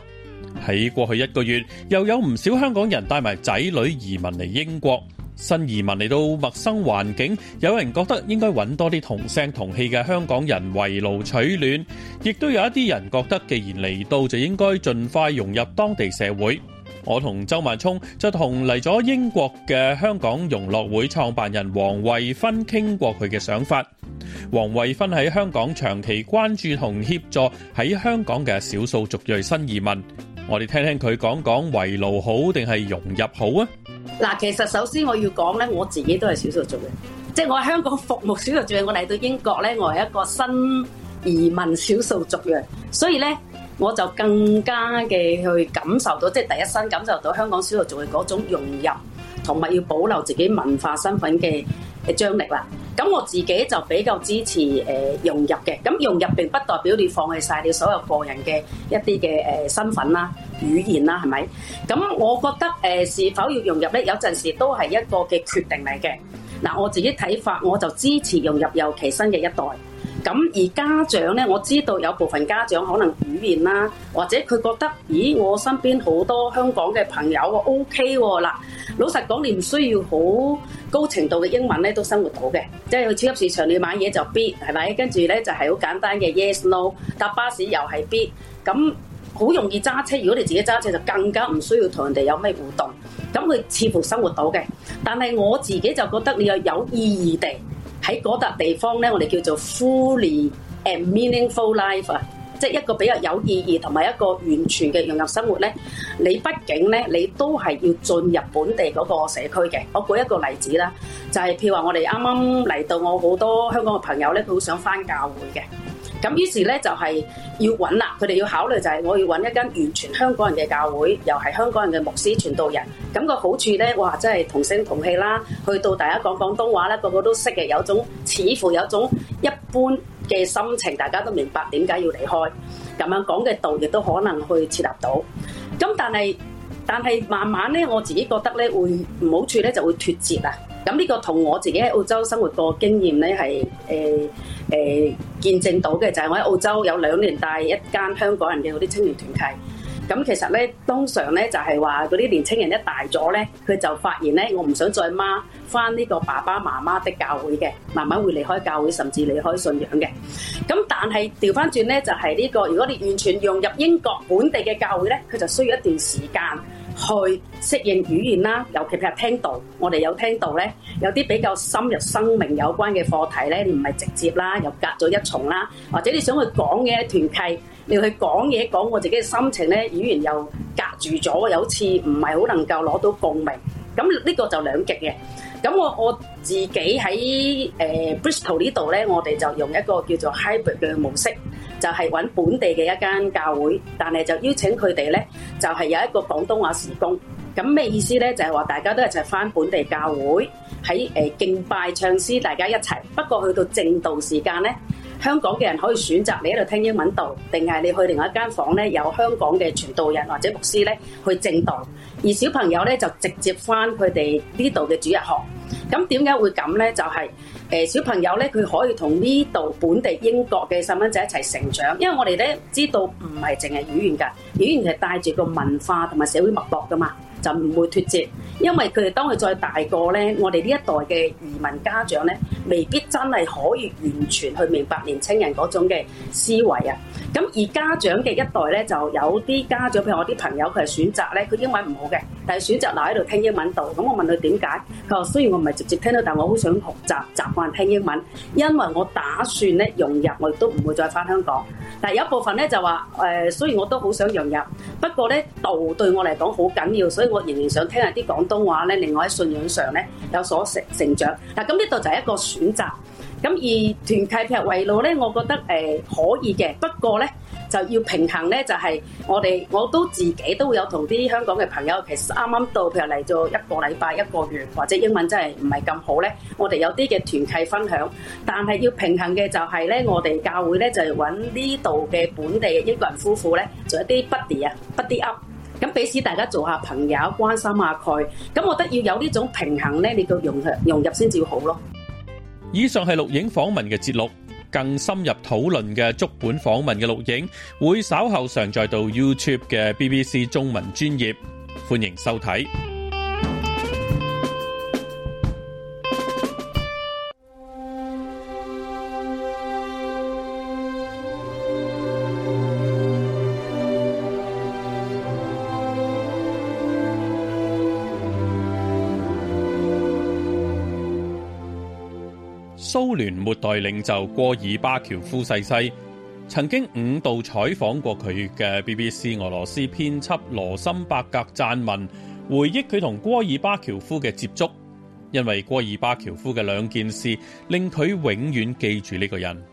喺過去一個月，又有唔少香港人帶埋仔女移民嚟英國，新移民嚟到陌生環境，有人覺得應該揾多啲同聲同氣嘅香港人圍爐取暖，亦都有一啲人覺得，既然嚟到就應該盡快融入當地社會。我同周萬聰就同嚟咗英國嘅香港融樂會創辦人王慧芬傾過佢嘅想法。王慧芬喺香港長期關注同協助喺香港嘅少數族裔新移民。我哋聽聽佢講講圍爐好定係融入好啊？嗱，其實首先我要講咧，我自己都係少數族裔，即係我喺香港服務少數族裔，我嚟到英國咧，我係一個新移民少數族裔，所以咧。我就更加嘅去感受到，即係第一身感受到香港少數族裔嗰種融入，同埋要保留自己文化身份嘅嘅張力啦。咁我自己就比較支持誒融入嘅，咁融入並不代表你放棄曬你所有個人嘅一啲嘅誒身份啦、語言啦，係咪？咁我覺得誒是否要融入咧，有陣時都係一個嘅決定嚟嘅。嗱，我自己睇法，我就支持融入，尤其新嘅一代。咁而家長咧，我知道有部分家長可能語言啦，或者佢覺得，咦，我身邊好多香港嘅朋友喎，OK 喎、哦，嗱，老實講，你唔需要好高程度嘅英文咧，都生活到嘅，即係去超級市場你買嘢就必，係咪？跟住咧就係、是、好簡單嘅 yes no，搭巴士又係必，咁好容易揸車。如果你自己揸車就更加唔需要同人哋有咩互動，咁、嗯、佢似乎生活到嘅。但係我自己就覺得你又有意義地。喺嗰笪地方咧，我哋叫做 fully and meaningful life 啊，即係一個比較有意義同埋一個完全嘅融入生活咧。你畢竟咧，你都係要進入本地嗰個社區嘅。我舉一個例子啦，就係譬如話，我哋啱啱嚟到，我好多香港嘅朋友咧，佢好想翻教會嘅。咁於是咧就係、是、要揾啦，佢哋要考慮就係我要揾一間完全香港人嘅教會，又係香港人嘅牧師傳道人。咁、那個好處咧，哇！真係同聲同氣啦，去到大家講,講廣東話啦，個個都識嘅，有種似乎有一種一般嘅心情，大家都明白點解要離開。咁樣講嘅道亦都可能去設立到。咁但係但係慢慢咧，我自己覺得咧會唔好處咧就會脱節啦。咁呢個同我自己喺澳洲生活過經驗咧係誒誒見證到嘅就係、是、我喺澳洲有兩年帶一間香港人嘅嗰啲青年團契。咁、嗯、其實咧通常咧就係話嗰啲年青人一大咗咧，佢就發現咧我唔想再孖翻呢個爸爸媽媽的教會嘅，慢慢會離開教會，甚至離開信仰嘅。咁、嗯、但係調翻轉咧就係、是、呢、這個，如果你完全融入英國本地嘅教會咧，佢就需要一段時間去適應語言啦，尤其譬如聽道，我哋有聽道咧，有啲比較深入生命有關嘅課題咧，唔係直接啦，又隔咗一重啦，或者你想去講嘅團契，你去講嘢講我自己嘅心情咧，語言又隔住咗，有次唔係好能夠攞到共鳴，咁呢個就兩極嘅。咁我我自己喺誒 Bristol 呢度咧，我哋就用一個叫做 hybrid 嘅模式。就係揾本地嘅一間教會，但係就邀請佢哋咧，就係、是、有一個廣東話事工。咁咩意思咧？就係、是、話大家都一齊就係翻本地教會喺誒、呃、敬拜唱詩，大家一齊。不過去到正道時間咧，香港嘅人可以選擇你喺度聽英文道，定係你去另外一間房咧，有香港嘅傳道人或者牧師咧去正道，而小朋友咧就直接翻佢哋呢度嘅主日學。咁點解會咁呢？就係、是、誒、呃、小朋友咧，佢可以同呢度本地英國嘅細蚊仔一齊成長，因為我哋咧知道唔係淨係語言㗎，語言係帶住個文化同埋社會脈絡㗎嘛。就唔會脫節，因為佢哋當佢再大個咧，我哋呢一代嘅移民家長咧，未必真係可以完全去明白年青人嗰種嘅思維啊。咁而家長嘅一代咧，就有啲家長，譬如我啲朋友，佢係選擇咧，佢英文唔好嘅，但係選擇留喺度聽英文度。咁我問佢點解，佢話雖然我唔係直接聽到，但我好想學習習慣聽英文，因為我打算咧融入，我亦都唔會再返香港。但係有一部分咧就話誒，雖然我都好想融入，不過咧度對我嚟講好緊要，所以。我仍然想聽下啲廣東話咧，另外喺信仰上咧有所成成長。嗱、啊，咁呢度就係一個選擇。咁而團契劈為路咧，我覺得誒、呃、可以嘅。不過咧就要平衡咧，就係、是、我哋我都自己都會有同啲香港嘅朋友，其實啱啱到譬如嚟咗一個禮拜一個月，或者英文真係唔係咁好咧，我哋有啲嘅團契分享。但係要平衡嘅就係咧，我哋教會咧就係揾呢度嘅本地嘅英國人夫婦咧做一啲 buddy 啊，buddy up。咁彼此大家做下朋友，關心下佢，咁我覺得要有呢種平衡咧，你個融合融入先至好咯。以上係錄影訪問嘅節錄，更深入討論嘅足本訪問嘅錄影會稍後上載到 YouTube 嘅 BBC 中文專頁，歡迎收睇。蘇聯末代領袖戈爾巴喬夫逝世，世，曾經五度採訪過佢嘅 BBC 俄羅斯編輯羅森伯格撰文回憶佢同戈爾巴喬夫嘅接觸，因為戈爾巴喬夫嘅兩件事令佢永遠記住呢個人。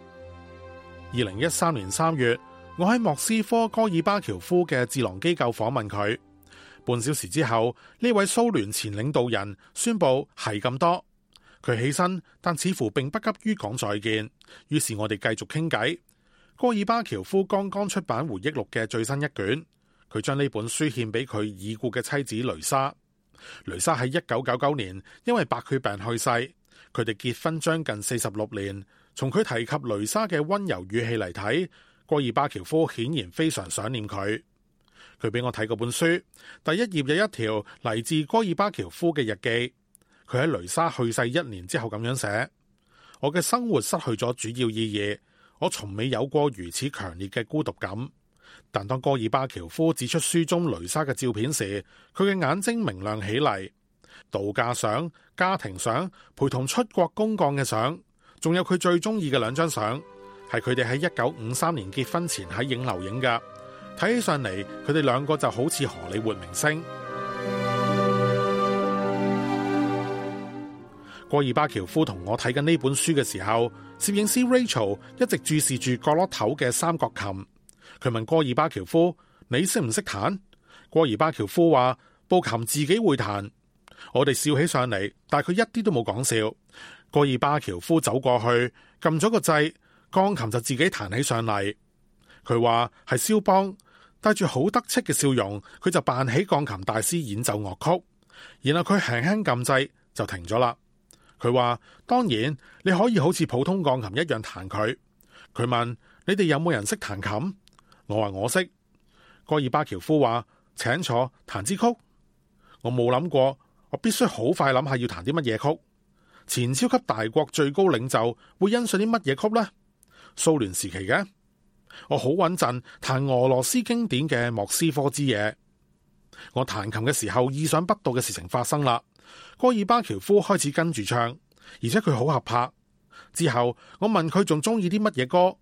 二零一三年三月，我喺莫斯科戈爾巴喬夫嘅智囊機構訪問佢，半小時之後，呢位蘇聯前領導人宣布係咁多。佢起身，但似乎並不急於講再見。於是我哋繼續傾偈。戈爾巴喬夫剛剛出版回憶錄嘅最新一卷，佢將呢本書獻俾佢已故嘅妻子雷莎。雷莎喺一九九九年因為白血病去世。佢哋結婚將近四十六年。從佢提及雷莎嘅溫柔語氣嚟睇，戈爾巴喬夫顯然非常想念佢。佢俾我睇過本書，第一頁有一條嚟自戈爾巴喬夫嘅日記。佢喺雷莎去世一年之後咁樣寫：我嘅生活失去咗主要意義，我從未有過如此強烈嘅孤獨感。但當戈爾巴喬夫指出書中雷莎嘅照片時，佢嘅眼睛明亮起嚟。度假相、家庭相、陪同出國公幹嘅相，仲有佢最中意嘅兩張相，係佢哋喺一九五三年結婚前喺影樓影㗎。睇起上嚟，佢哋兩個就好似荷里活明星。戈爾巴喬夫同我睇緊呢本書嘅時候，攝影師 Rachel 一直注視住角落頭嘅三角琴。佢問戈爾巴喬夫：你識唔識彈？戈爾巴喬夫話：部琴自己會彈。我哋笑起上嚟，但佢一啲都冇講笑。戈爾巴喬夫走過去，撳咗個掣，鋼琴就自己彈起上嚟。佢話係肖邦，帶住好得戚嘅笑容，佢就扮起鋼琴大師演奏樂曲。然後佢輕輕撳掣就停咗啦。佢話：當然，你可以好似普通鋼琴一樣彈佢。佢問：你哋有冇人識彈琴？我話我識。戈爾巴喬夫話：請坐，彈支曲。我冇諗過，我必須好快諗下要彈啲乜嘢曲。前超級大國最高領袖會欣賞啲乜嘢曲呢？蘇聯時期嘅。我好穩陣，彈俄羅斯經典嘅莫斯科之夜。我彈琴嘅時候，意想不到嘅事情發生啦。戈爾巴喬夫開始跟住唱，而且佢好合拍。之後我問佢仲中意啲乜嘢歌，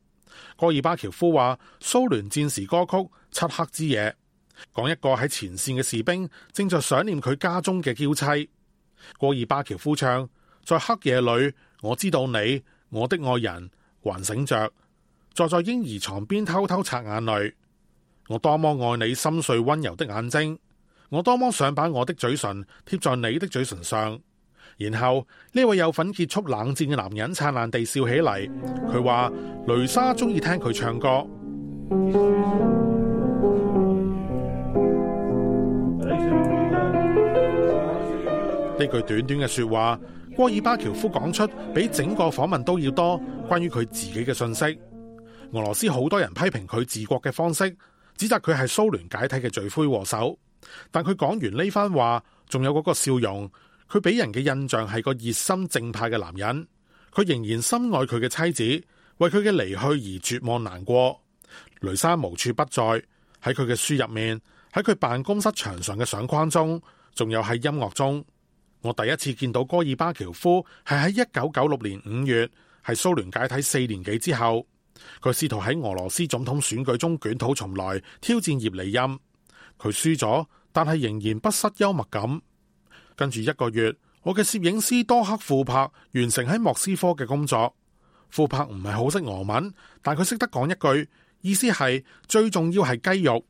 戈爾巴喬夫話蘇聯戰時歌曲《漆黑之夜》，講一個喺前線嘅士兵正在想念佢家中嘅嬌妻。戈爾巴喬夫唱：在黑夜裏，我知道你，我的愛人，還醒着，坐在嬰兒床邊偷偷擦眼淚。我多麼愛你，深邃溫柔的眼睛。我多麼想把我的嘴唇貼在你的嘴唇上。然後呢位有份結束冷戰嘅男人燦爛地笑起嚟。佢話：雷莎中意聽佢唱歌。呢句短短嘅說話，戈爾巴喬夫講出，比整個訪問都要多關於佢自己嘅信息。俄羅斯好多人批評佢治國嘅方式，指責佢係蘇聯解體嘅罪魁禍首。但佢講完呢番話，仲有嗰個笑容，佢俾人嘅印象係個熱心正派嘅男人。佢仍然深愛佢嘅妻子，為佢嘅離去而絕望難過。雷莎無處不在，喺佢嘅書入面，喺佢辦公室牆上嘅相框中，仲有喺音樂中。我第一次見到戈爾巴喬夫係喺一九九六年五月，係蘇聯解體四年幾之後，佢試圖喺俄羅斯總統選舉中捲土重來，挑戰葉利欽。佢輸咗，但係仍然不失幽默感。跟住一個月，我嘅攝影師多克富柏完成喺莫斯科嘅工作。富柏唔係好識俄文，但佢識得講一句，意思係最重要係雞肉。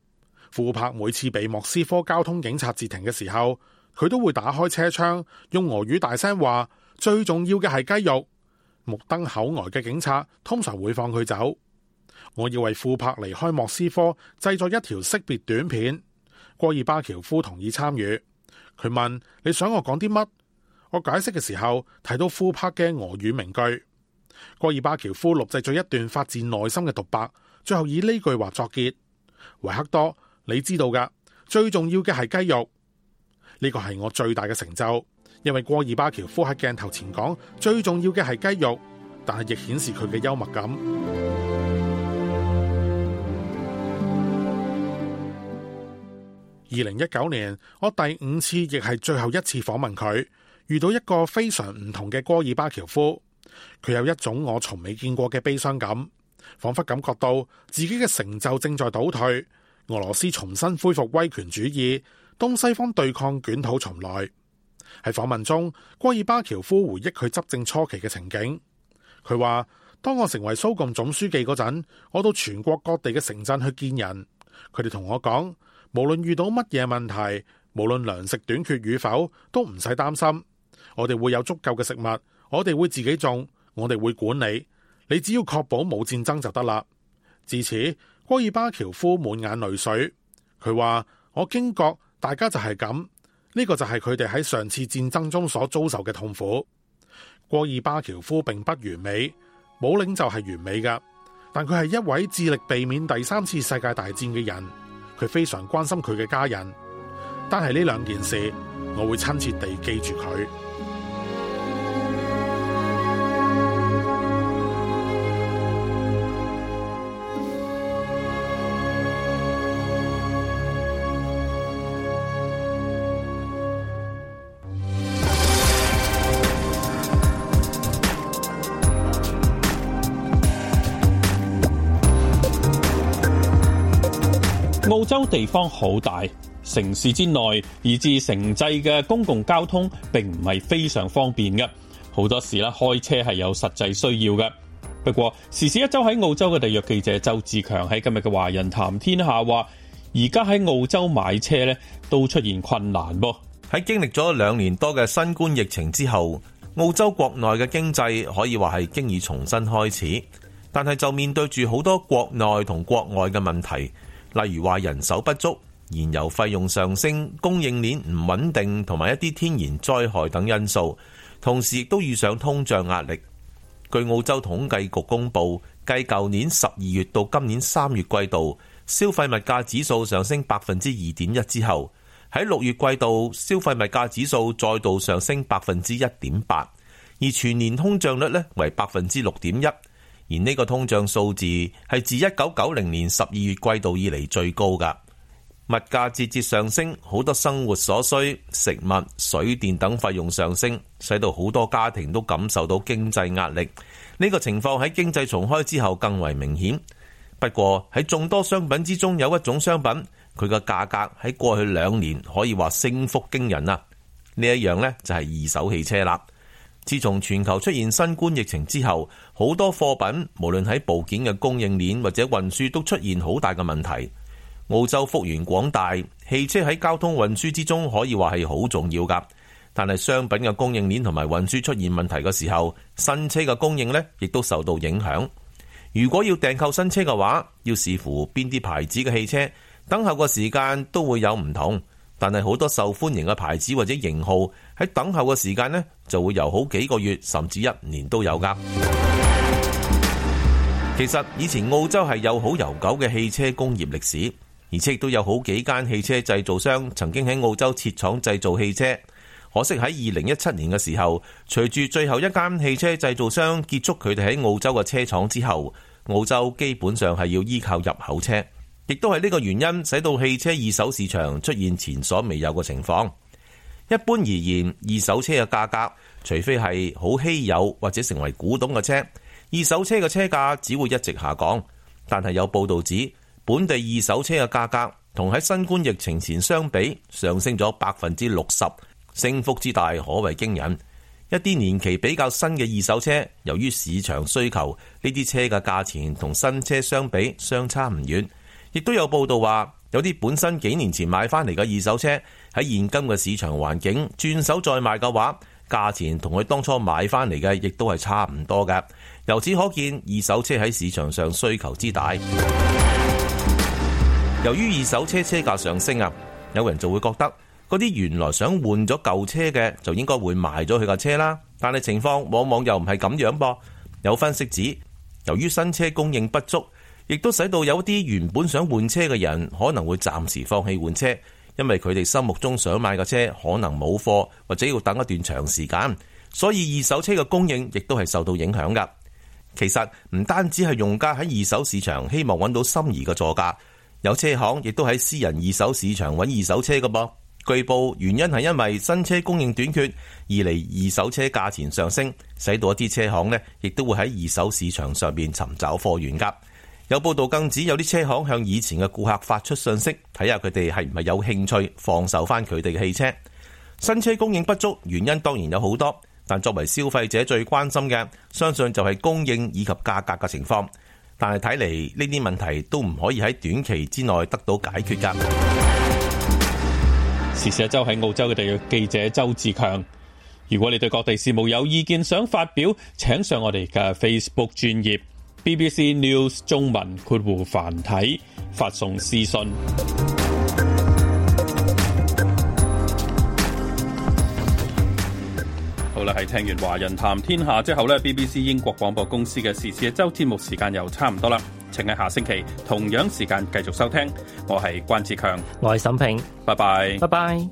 富柏每次被莫斯科交通警察截停嘅時候，佢都會打開車窗，用俄語大聲話：最重要嘅係雞肉。目瞪口呆嘅警察通常會放佢走。我要為富柏離開莫斯科製作一條識別短片。戈爾巴喬夫同意參與，佢問，你想我講啲乜？我解釋嘅時候提到夫拍嘅俄語名句，戈爾巴喬夫錄製咗一段發自內心嘅獨白，最後以呢句話作結：維克多，你知道㗎，最重要嘅係雞肉，呢個係我最大嘅成就。因為戈爾巴喬夫喺鏡頭前講最重要嘅係雞肉，但係亦顯示佢嘅幽默感。二零一九年，我第五次亦係最後一次訪問佢，遇到一個非常唔同嘅戈爾巴喬夫。佢有一種我從未見過嘅悲傷感，仿佛感覺到自己嘅成就正在倒退，俄羅斯重新恢復威權主義，東西方對抗捲土重來。喺訪問中，戈爾巴喬夫回憶佢執政初期嘅情景。佢話：當我成為蘇共總書記嗰陣，我到全國各地嘅城鎮去見人，佢哋同我講。無論遇到乜嘢問題，無論糧食短缺與否，都唔使擔心。我哋會有足夠嘅食物，我哋會自己種，我哋會管理。你只要確保冇戰爭就得啦。至此，戈爾巴喬夫滿眼淚水。佢話：我驚覺大家就係咁，呢個就係佢哋喺上次戰爭中所遭受嘅痛苦。戈爾巴喬夫並不完美，冇領袖係完美噶，但佢係一位致力避免第三次世界大戰嘅人。佢非常關心佢嘅家人，但係呢兩件事，我會親切地記住佢。地方好大，城市之內，以至城際嘅公共交通並唔係非常方便嘅，好多時啦，開車係有實際需要嘅。不過時事一周喺澳洲嘅地約記者周志強喺今日嘅華人談天下話，而家喺澳洲買車咧都出現困難噃。喺經歷咗兩年多嘅新冠疫情之後，澳洲國內嘅經濟可以話係經已重新開始，但係就面對住好多國內同國外嘅問題。例如話人手不足、燃油費用上升、供應鏈唔穩定同埋一啲天然災害等因素，同時亦都遇上通脹壓力。據澳洲統計局公佈，繼舊年十二月到今年三月季度，消費物價指數上升百分之二點一之後，喺六月季度，消費物價指數再度上升百分之一點八，而全年通脹率呢，為百分之六點一。而呢個通脹數字係自一九九零年十二月季度以嚟最高㗎，物價節節上升，好多生活所需、食物、水電等費用上升，使到好多家庭都感受到經濟壓力。呢個情況喺經濟重開之後更為明顯。不過喺眾多商品之中，有一種商品佢嘅價格喺過去兩年可以話升幅驚人啊！呢一樣呢，就係二手汽車啦。自從全球出現新冠疫情之後，好多貨品無論喺部件嘅供應鏈或者運輸都出現好大嘅問題。澳洲幅員廣大，汽車喺交通運輸之中可以話係好重要噶。但係商品嘅供應鏈同埋運輸出現問題嘅時候，新車嘅供應咧亦都受到影響。如果要訂購新車嘅話，要視乎邊啲牌子嘅汽車，等候嘅時間都會有唔同。但係好多受歡迎嘅牌子或者型號喺等候嘅時間呢，就會有好幾個月甚至一年都有噶。其實以前澳洲係有好悠久嘅汽車工業歷史，而且都有好幾間汽車製造商曾經喺澳洲設廠製造汽車。可惜喺二零一七年嘅時候，隨住最後一間汽車製造商結束佢哋喺澳洲嘅車廠之後，澳洲基本上係要依靠入口車。亦都係呢個原因，使到汽車二手市場出現前所未有嘅情況。一般而言，二手車嘅價格，除非係好稀有或者成為古董嘅車，二手車嘅車價只會一直下降。但係有報道指，本地二手車嘅價格同喺新冠疫情前相比上升咗百分之六十，升幅之大可謂驚人。一啲年期比較新嘅二手車，由於市場需求，呢啲車嘅價錢同新車相比相差唔遠。亦都有報道話，有啲本身幾年前買翻嚟嘅二手車，喺現今嘅市場環境轉手再賣嘅話，價錢同佢當初買翻嚟嘅亦都係差唔多嘅。由此可見，二手車喺市場上需求之大。由於二手車車價上升啊，有人就會覺得嗰啲原來想換咗舊車嘅，就應該會賣咗佢架車啦。但係情況往往又唔係咁樣噃。有分析指，由於新車供應不足。亦都使到有啲原本想換車嘅人可能會暫時放棄換車，因為佢哋心目中想買嘅車可能冇貨，或者要等一段長時間。所以二手車嘅供應亦都係受到影響噶其實唔單止係用家喺二手市場希望揾到心儀嘅座駕，有車行亦都喺私人二手市場揾二手車噶噃，據報原因係因為新車供應短缺，二嚟二手車價錢上升，使到一啲車行咧亦都會喺二手市場上面尋找貨源噶有報道更指有啲車行向以前嘅顧客發出信息，睇下佢哋係唔係有興趣，放手翻佢哋嘅汽車。新車供應不足原因當然有好多，但作為消費者最關心嘅，相信就係供應以及價格嘅情況。但係睇嚟，呢啲問題都唔可以喺短期之內得到解決噶。時事一周喺澳洲嘅記者周志強，如果你對各地事務有意見，想發表，請上我哋嘅 Facebook 專頁。BBC News 中文括弧繁體發送私信。好啦，係聽完華人談天下之後呢，BBC 英國廣播公司嘅時事一周節目時間又差唔多啦，請喺下星期同樣時間繼續收聽。我係關志強，我係沈平，拜拜，拜拜。